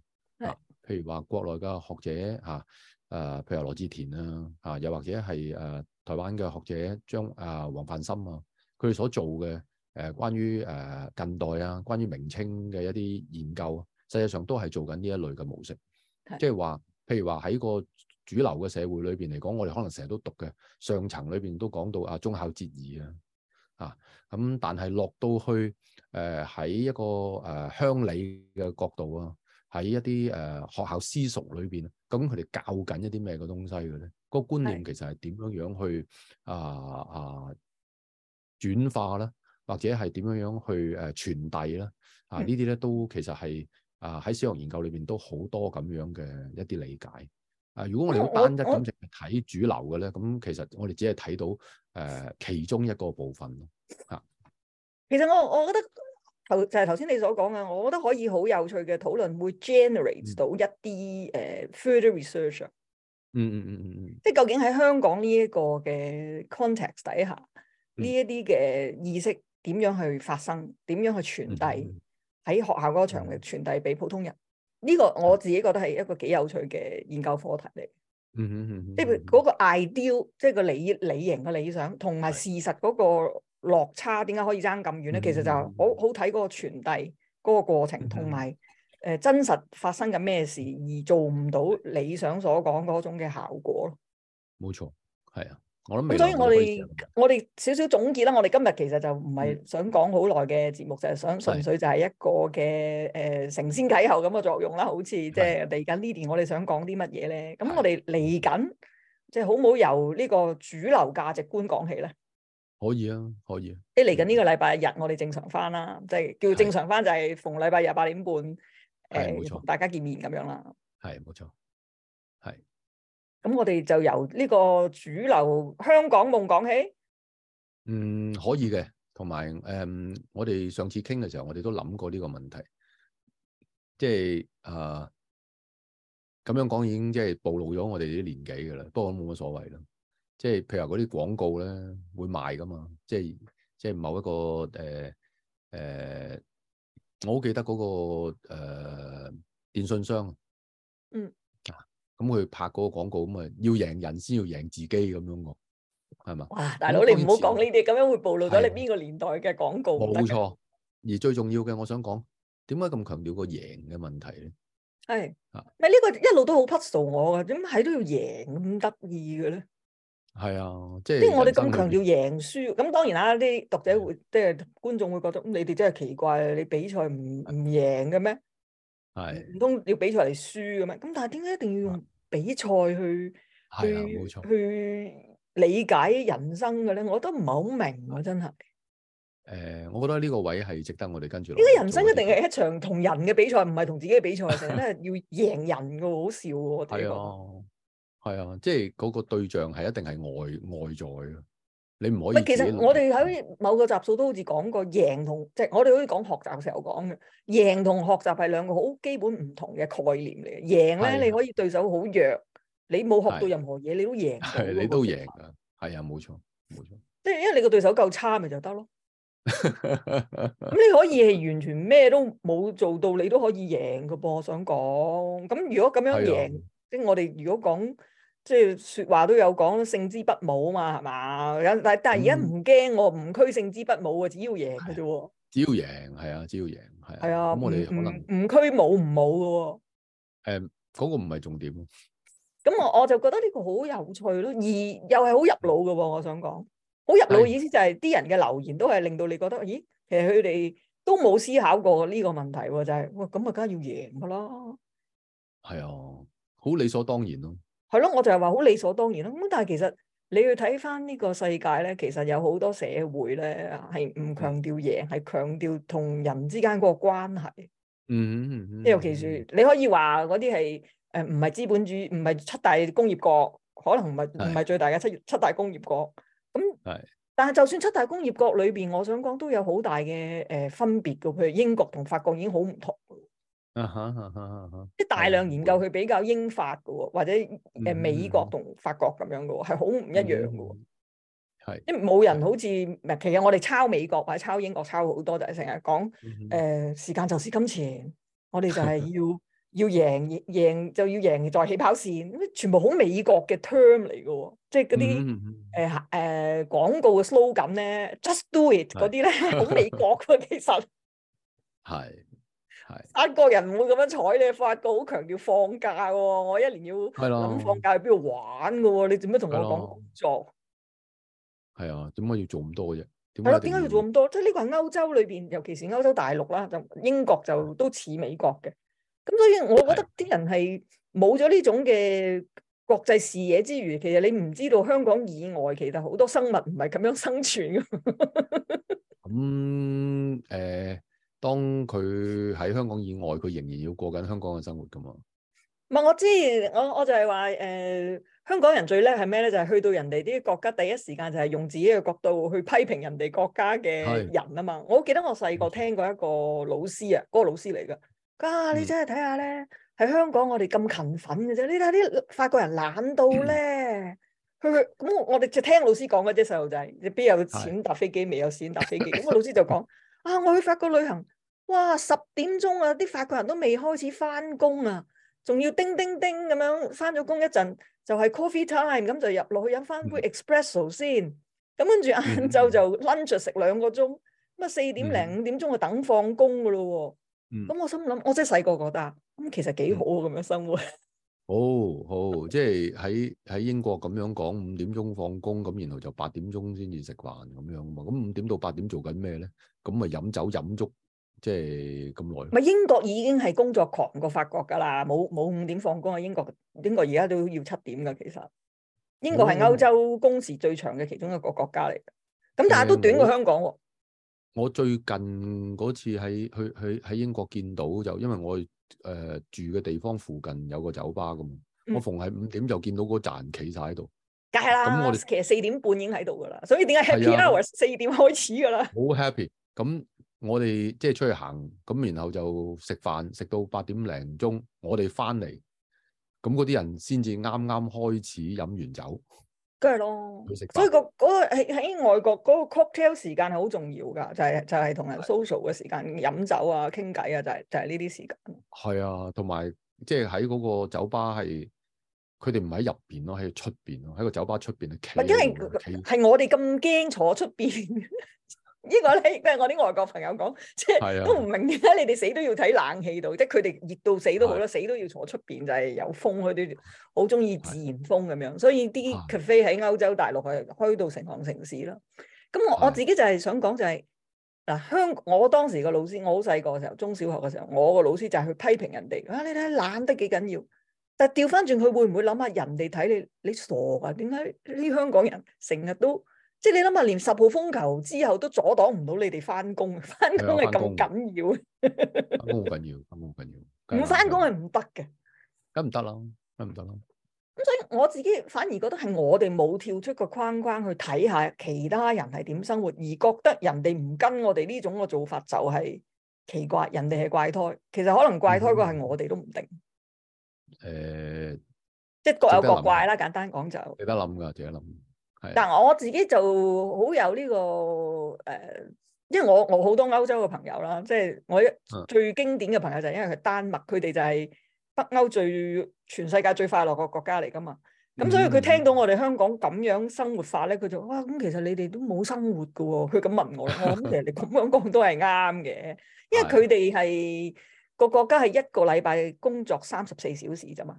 係譬如話國內嘅學者吓誒，譬如羅志、啊、田啦啊，啊，又或者係誒、啊、台灣嘅學者張啊王汎森啊，佢哋所做嘅誒、啊、關於誒、啊、近代啊，關於明清嘅一啲研究，實際上都係做緊呢一類嘅模式，即係話譬如話喺個。主流嘅社會裏邊嚟講，我哋可能成日都讀嘅上層裏邊都講到啊忠孝節義啊，啊咁，但係落到去誒喺、呃、一個誒、呃、鄉里嘅角度啊，喺一啲誒、呃、學校私塾裏邊，咁佢哋教緊一啲咩嘅東西嘅咧？個觀念其實係點樣樣去是啊啊轉化咧，或者係點樣樣去誒傳遞咧？啊呢啲咧都其實係啊喺小學研究裏邊都好多咁樣嘅一啲理解。啊！如果我哋好單一咁淨係睇主流嘅咧，咁其實我哋只係睇到誒、呃、其中一個部分咯。嚇，其實我我覺得頭就係頭先你所講嘅，我覺得可以好有趣嘅討論會 generate 到一啲誒、嗯 uh, further research 嗯。嗯嗯嗯嗯嗯，即係究竟喺香港呢一個嘅 context 底下，呢一啲嘅意識點樣去發生，點、嗯、樣去傳遞喺、嗯嗯、學校嗰個場域傳遞俾普通人。呢個我自己覺得係一個幾有趣嘅研究課題嚟，即係嗰個 ideal，即係個理理型嘅理想，同埋事實嗰個落差點解可以爭咁遠咧？嗯、哼其實就好好睇嗰個傳遞嗰個過程，同埋誒真實發生緊咩事而做唔到理想所講嗰種嘅效果咯。冇錯，係啊。所以我哋我哋少少總結啦，我哋今日其實就唔係想講好耐嘅節目，就係、是、想純是粹就係一個嘅誒承先啟後咁嘅作用啦。好似即係嚟緊呢年，我哋想講啲乜嘢咧？咁我哋嚟緊即係好唔好由呢個主流價值觀講起咧？可以啊，可以、啊。誒嚟緊呢個禮拜日我哋正常返啦，即係是叫正常返就係逢禮拜日八點半誒，大家見面咁樣啦。係，冇錯。咁我哋就由呢個主流香港夢講起，嗯，可以嘅。同埋誒，我哋上次傾嘅時候，我哋都諗過呢個問題，即係啊，咁樣講已經即係暴露咗我哋啲年紀噶啦。不過冇乜所謂啦，即係譬如話嗰啲廣告咧會賣噶嘛，即係即係某一個誒誒，我好記得嗰個誒電信商，嗯。咁去拍嗰個廣告，咁啊要贏人先要贏自己咁樣個，係嘛？哇，大佬然你唔好講呢啲，咁樣會暴露咗你邊個年代嘅廣告。冇錯，而最重要嘅，我想講，點解咁強調個贏嘅問題咧？係啊，咪呢個一路都好 puzzle 我噶，點喺都要贏咁得意嘅咧？係啊，即係。即係我哋咁強調贏輸，咁當然啦，啲讀者會，即係，觀眾會覺得，你哋真係奇怪，你比賽唔唔贏嘅咩？係唔通要比賽嚟輸㗎咩？咁但係點解一定要用比賽去係啊去冇錯去理解人生嘅咧？我都唔係好明，我真係。誒、呃，我覺得呢個位係值得我哋跟住。呢個人生一定係一場同人嘅比賽，唔係同自己嘅比賽，成日咧，要贏人嘅， 好笑嘅。係啊，係啊，即係嗰個對象係一定係外外在啊。你唔可以。其實我哋喺某個集數都好似講過贏同，即、就、係、是、我哋好似講學習嘅時候講嘅，贏同學習係兩個好基本唔同嘅概念嚟嘅。贏咧，是啊、你可以對手好弱，你冇學到任何嘢，是啊、你都贏。係是、啊、你都贏㗎！係啊，冇錯，冇錯。即係因為你個對手夠差，咪就得咯。咁你可以係完全咩都冇做到，你都可以贏㗎噃。我想講，咁如果咁樣贏，即係是、啊、我哋如果講。即係說話都有講勝之不武嘛，係嘛？但但係而家唔驚，我唔拘勝之不武，只要贏，只要贏啊，只要贏嘅啫。只要贏，係啊，只要贏，係啊。咁我哋可能唔拘武唔武嘅。誒、嗰、嗯，那個唔係重點咯。咁我我就覺得呢個好有趣咯，而又係好入腦嘅。我想講好入腦，意思就係、是、啲是人嘅留言都係令到你覺得，咦？其實佢哋都冇思考過呢個問題喎，就係、是、哇，咁啊，梗係要贏嘅啦。係啊，好理所當然咯。係咯，我就係話好理所當然咯。咁但係其實你要睇翻呢個世界咧，其實有好多社會咧係唔強調贏，係強調同人之間嗰個關係。嗯，即係尤其是你可以話嗰啲係誒唔係資本主義，唔係七大工業國，可能唔係唔係最大嘅七七大工業國。咁，是但係就算七大工業國裏邊，我想講都有好大嘅誒、呃、分別噶。譬如英國同法國已經好唔同。啊哈！即大量研究佢比較英法嘅，嗯、或者誒美國同法國咁樣嘅，係好唔一樣嘅。係、嗯，因為冇人好似係，其實我哋抄美國或者抄英國抄好多，就係成日講誒時間就是金錢，我哋就係要 要贏贏就要贏在起跑線，全部好美國嘅 term 嚟嘅，即係嗰啲誒誒廣告嘅 slogan 咧，just do it 嗰啲咧，好美國嘅其實係。 係，法國人唔會咁樣睬你。法國好強調放假喎，我一年要諗放假去邊度玩噶喎。的你做咩同我講工作？係啊，點解要做咁多啫？係啊，點解要做咁多？即係呢個係歐洲裏邊，尤其是歐洲大陸啦，就英國就都似美國嘅。咁所以我覺得啲人係冇咗呢種嘅國際視野之餘，的其實你唔知道香港以外，其實好多生物唔係咁樣生存嘅。咁 誒、嗯。呃當佢喺香港以外，佢仍然要過緊香港嘅生活噶嘛？唔係我知，我我就係話誒，香港人最叻係咩咧？就係、是、去到人哋啲國家，第一時間就係用自己嘅角度去批評人哋國家嘅人啊嘛！是我記得我細個聽過一個老師啊，嗯、個老師嚟噶，家、啊、你真係睇下咧，喺香港我哋咁勤奮嘅啫，你睇下啲法國人懶到咧，嗯、去去咁我哋就聽老師講嘅啫，細路仔你邊有錢搭飛機，未是有錢搭飛機，咁個老師就講。 啊！我去法國旅行，哇！十點鐘啊，啲法國人都未開始翻工啊，仲要叮叮叮咁樣翻咗工一陣，就係 coffee time，咁就入落去飲翻杯 espresso 先，咁跟住晏晝就 lunch 食兩個鐘，咁啊四點零五點鐘就等放工噶咯。咁我心諗，我真係細個覺得，咁其實幾好啊，咁樣生活。好、嗯嗯哦、好，即係喺喺英國咁樣講，五點鐘放工，咁然後就八點鐘先至食飯咁樣啊嘛。咁五點到八點做緊咩咧？咁咪飲酒飲足，即係咁耐。咪英國已經係工作狂過法國噶啦，冇冇五點放工啊！英國英國而家都要七點噶，其實英國係歐洲工時最長嘅其中一個國家嚟嘅。咁但係都短過香港喎、啊。我最近嗰次喺去去喺英國見到就，就因為我誒、呃、住嘅地方附近有個酒吧噶、嗯、我逢係五點就見到個羣企晒喺度。梗係啦，咁我哋其實四點半已經喺度噶啦，所以點解 Happy Hour 四點開始噶啦？好、啊、Happy。咁、嗯、我哋即係出去行，咁然後就食飯，食到八點零鐘，我哋翻嚟，咁嗰啲人先至啱啱開始飲完酒，跟住咯，所以、嗰個、嗰個喺喺外國嗰個 cocktail 時間係好重要噶，就係、是、就係同人 social 嘅時間，飲的酒啊、傾偈啊，就係、是、就係呢啲時間。係啊，同埋即係喺嗰個酒吧係，佢哋唔喺入邊咯，喺出邊咯，喺個酒吧出邊啊，企是，因為係我哋咁驚坐出邊。 呢個咧，都係我啲外國朋友講，即係都唔明點解你哋死都要睇冷氣度，即係佢哋熱到死都好啦，是的 死都要坐出邊就係有風嗰啲，好中意自然風咁樣。是的 所以啲 cafe 喺是的 歐洲大陸係開到成行成市啦。咁我我自己就係想講就係、是、嗱，香是的 我當時個老師，我好細個嘅時候，中小學嘅時候，我個老師就係去批評人哋啊，你睇懶得幾緊要，但係調翻轉佢會唔會諗下人哋睇你你傻噶？點解啲香港人成日都？即你諗下，連十號風球之後都阻擋唔到你哋翻工，翻工係咁緊要？翻工好緊要，翻工好緊要，唔翻工係唔得嘅，咁唔得咯，咁唔得咯。咁所以我自己反而覺得係我哋冇跳出個框框去睇下其他人係點生活，而覺得人哋唔跟我哋呢種個做法就係奇怪，人哋係怪胎。其實可能怪胎個係我哋都唔定。誒、嗯，嗯、即係各有各怪啦。簡單講就，值得諗噶，自己諗。但我自己就好有呢、這個誒、呃，因為我我好多歐洲嘅朋友啦。即係我一最經典嘅朋友就係因為佢丹麥，佢哋就係北歐最全世界最快樂個國家嚟噶嘛。咁所以佢聽到我哋香港咁樣生活化咧，佢就哇咁其實你哋都冇生活噶喎、哦。佢咁問我， 我諗其實你講講講都係啱嘅，因為佢哋係個國家係一個禮拜工作三十四小時咋嘛。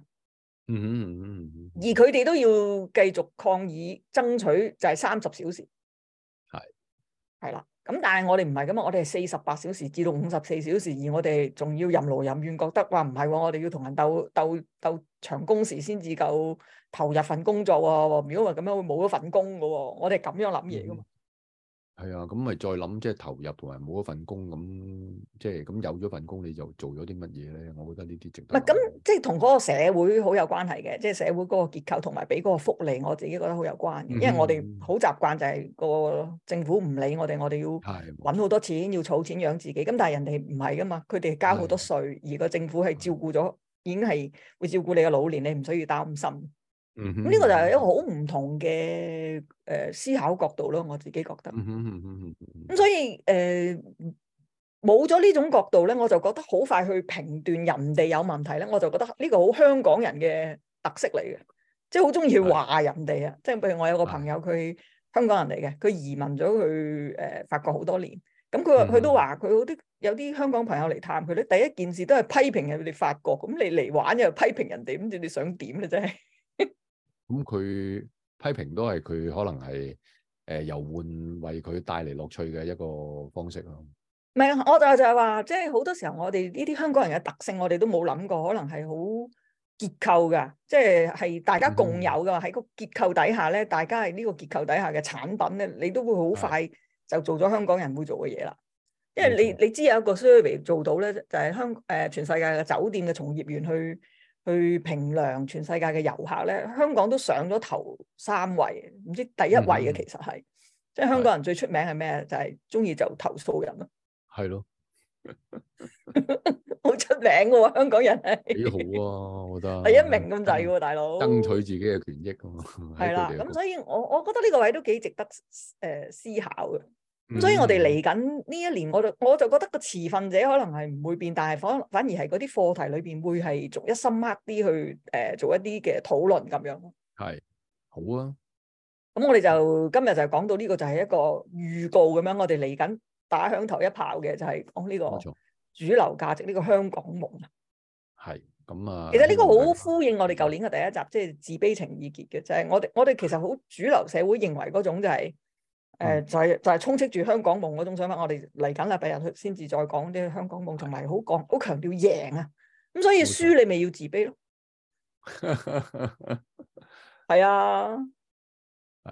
嗯嗯嗯，而佢哋都要繼續抗議爭取，就係三十小時，係係啦。咁但係我哋唔係咁嘛，我哋係四十八小時至到五十四小時，而我哋仲要任勞任怨，覺得哇唔係，我哋要同人鬥鬥鬥，鬥長工時先至夠投入份工作喎、啊。如果話咁樣會冇咗份工噶、啊，我哋咁樣諗嘢噶嘛。嗯係啊，咁咪再諗，即係投入同埋冇一份工咁，即係咁有咗份工，你就做咗啲乜嘢咧？我覺得呢啲值得。唔係咁，即係同嗰個社會好有關係嘅，即係社會嗰個結構同埋俾嗰個福利，我自己覺得好有關。因為我哋好習慣就係個政府唔理我哋，我哋要揾好多錢，要儲錢養自己。咁但係人哋唔係噶嘛，佢哋交好多稅，而個政府係照顧咗，已經係會照顧你嘅老年，你唔需要擔心。呢、嗯嗯、個就係一個好唔同嘅，誒、呃、思考角度咯，我自己覺得。咁、嗯嗯嗯嗯、所以誒冇咗呢種角度咧，我就覺得好快去評斷人哋有問題咧，我就覺得呢個好香港人嘅特色嚟嘅，即係好中意話人哋啊！對 即係譬如我有個朋友，佢香港人嚟嘅，佢移民咗去誒、呃、法國好多年。咁佢話佢都話佢啲，有啲香港朋友嚟探佢咧，第一件事都係批評人哋法國。咁你嚟玩又批評人哋，咁你想點咧？真係。咁佢、嗯、批評都係佢可能係誒遊玩為佢帶嚟樂趣嘅一個方式咯。唔係、嗯，我就就係話，即係好多時候，我哋呢啲香港人嘅特性，我哋都冇諗過，可能係好結構㗎，即係係大家共有㗎喺、嗯、哼個結構底下咧，大家係呢個結構底下嘅產品咧，你都會好快就做咗香港人會做嘅嘢啦。因為你錯你知有一個 survey 做到咧，就係、是、香誒、呃、全世界嘅酒店嘅從業員去。去評量全世界嘅遊客咧，香港都上咗頭三位，唔知第一位嘅其實係，嗯、即係香港人最出名係咩？是就係鍾意就投訴人咯。係咯的，好 出名嘅喎、啊，香港人係幾好啊！我覺得、啊、第一名咁滯嘅喎，的大佬哥爭取自己嘅權益啊嘛。係 啦，咁所以我我覺得呢個位都幾值得誒、呃、思考嘅。所以我哋嚟緊呢一年，我就我就覺得個持份者可能係唔會變，但係反反而係嗰啲課題裏邊會係逐一深刻啲去誒做一啲嘅討論咁樣咯。係好啊！咁我哋就今日就講到呢個就係一個預告咁樣，我哋嚟緊打響頭一炮嘅就係講呢個主流價值呢個香港夢。係咁啊！其實呢個好呼應我哋舊年嘅第一集，即係自卑情意結嘅，就係我哋我哋其實好主流社會認為嗰種就係。誒、嗯呃、就係、是、就係、是、充斥住香港夢嗰種想法，我哋嚟緊禮拜日先至再講啲香港夢，同埋好講好強調贏啊！咁所以輸你咪要自卑咯。係啊，係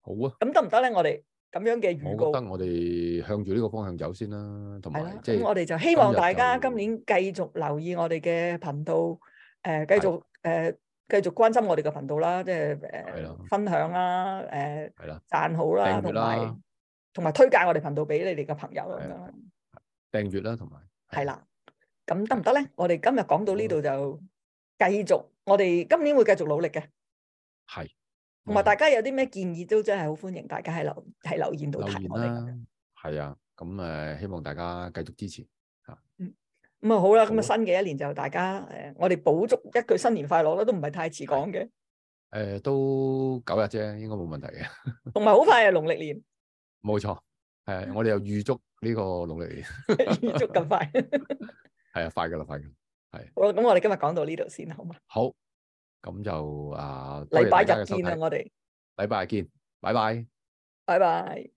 好啊。咁得唔得咧？我哋咁樣嘅預告得，我哋向住呢個方向走先啦。同埋的即係是我哋就希望大家今年繼續留意我哋嘅頻道，誒、呃、繼續誒。繼續關心我哋嘅頻道啦，即係誒分享啦，誒讚好啦，同埋同埋推介我哋頻道俾你哋嘅朋友啊，訂閱啦，同埋係啦，咁得唔得咧？我哋今日講到呢度就繼續，我哋今年會繼續努力嘅，係同埋大家有啲咩建議都真係好歡迎，大家喺留喺留言度提我哋。係啊，咁誒希望大家繼續支持啊。咁啊好啦，咁啊新嘅一年就大家誒，我哋補足一句新年快樂啦，都唔係太遲講嘅。誒，都九日啫，應該冇問題嘅。同埋好快啊，農曆年。冇錯，係啊，我哋又預祝呢個農曆年。預祝咁快。係啊，快噶啦，快噶。係。好咁，我哋今日講到呢度先啦，好嘛？好。咁就啊。禮拜日見啦，我哋。禮拜日見，拜拜。拜拜。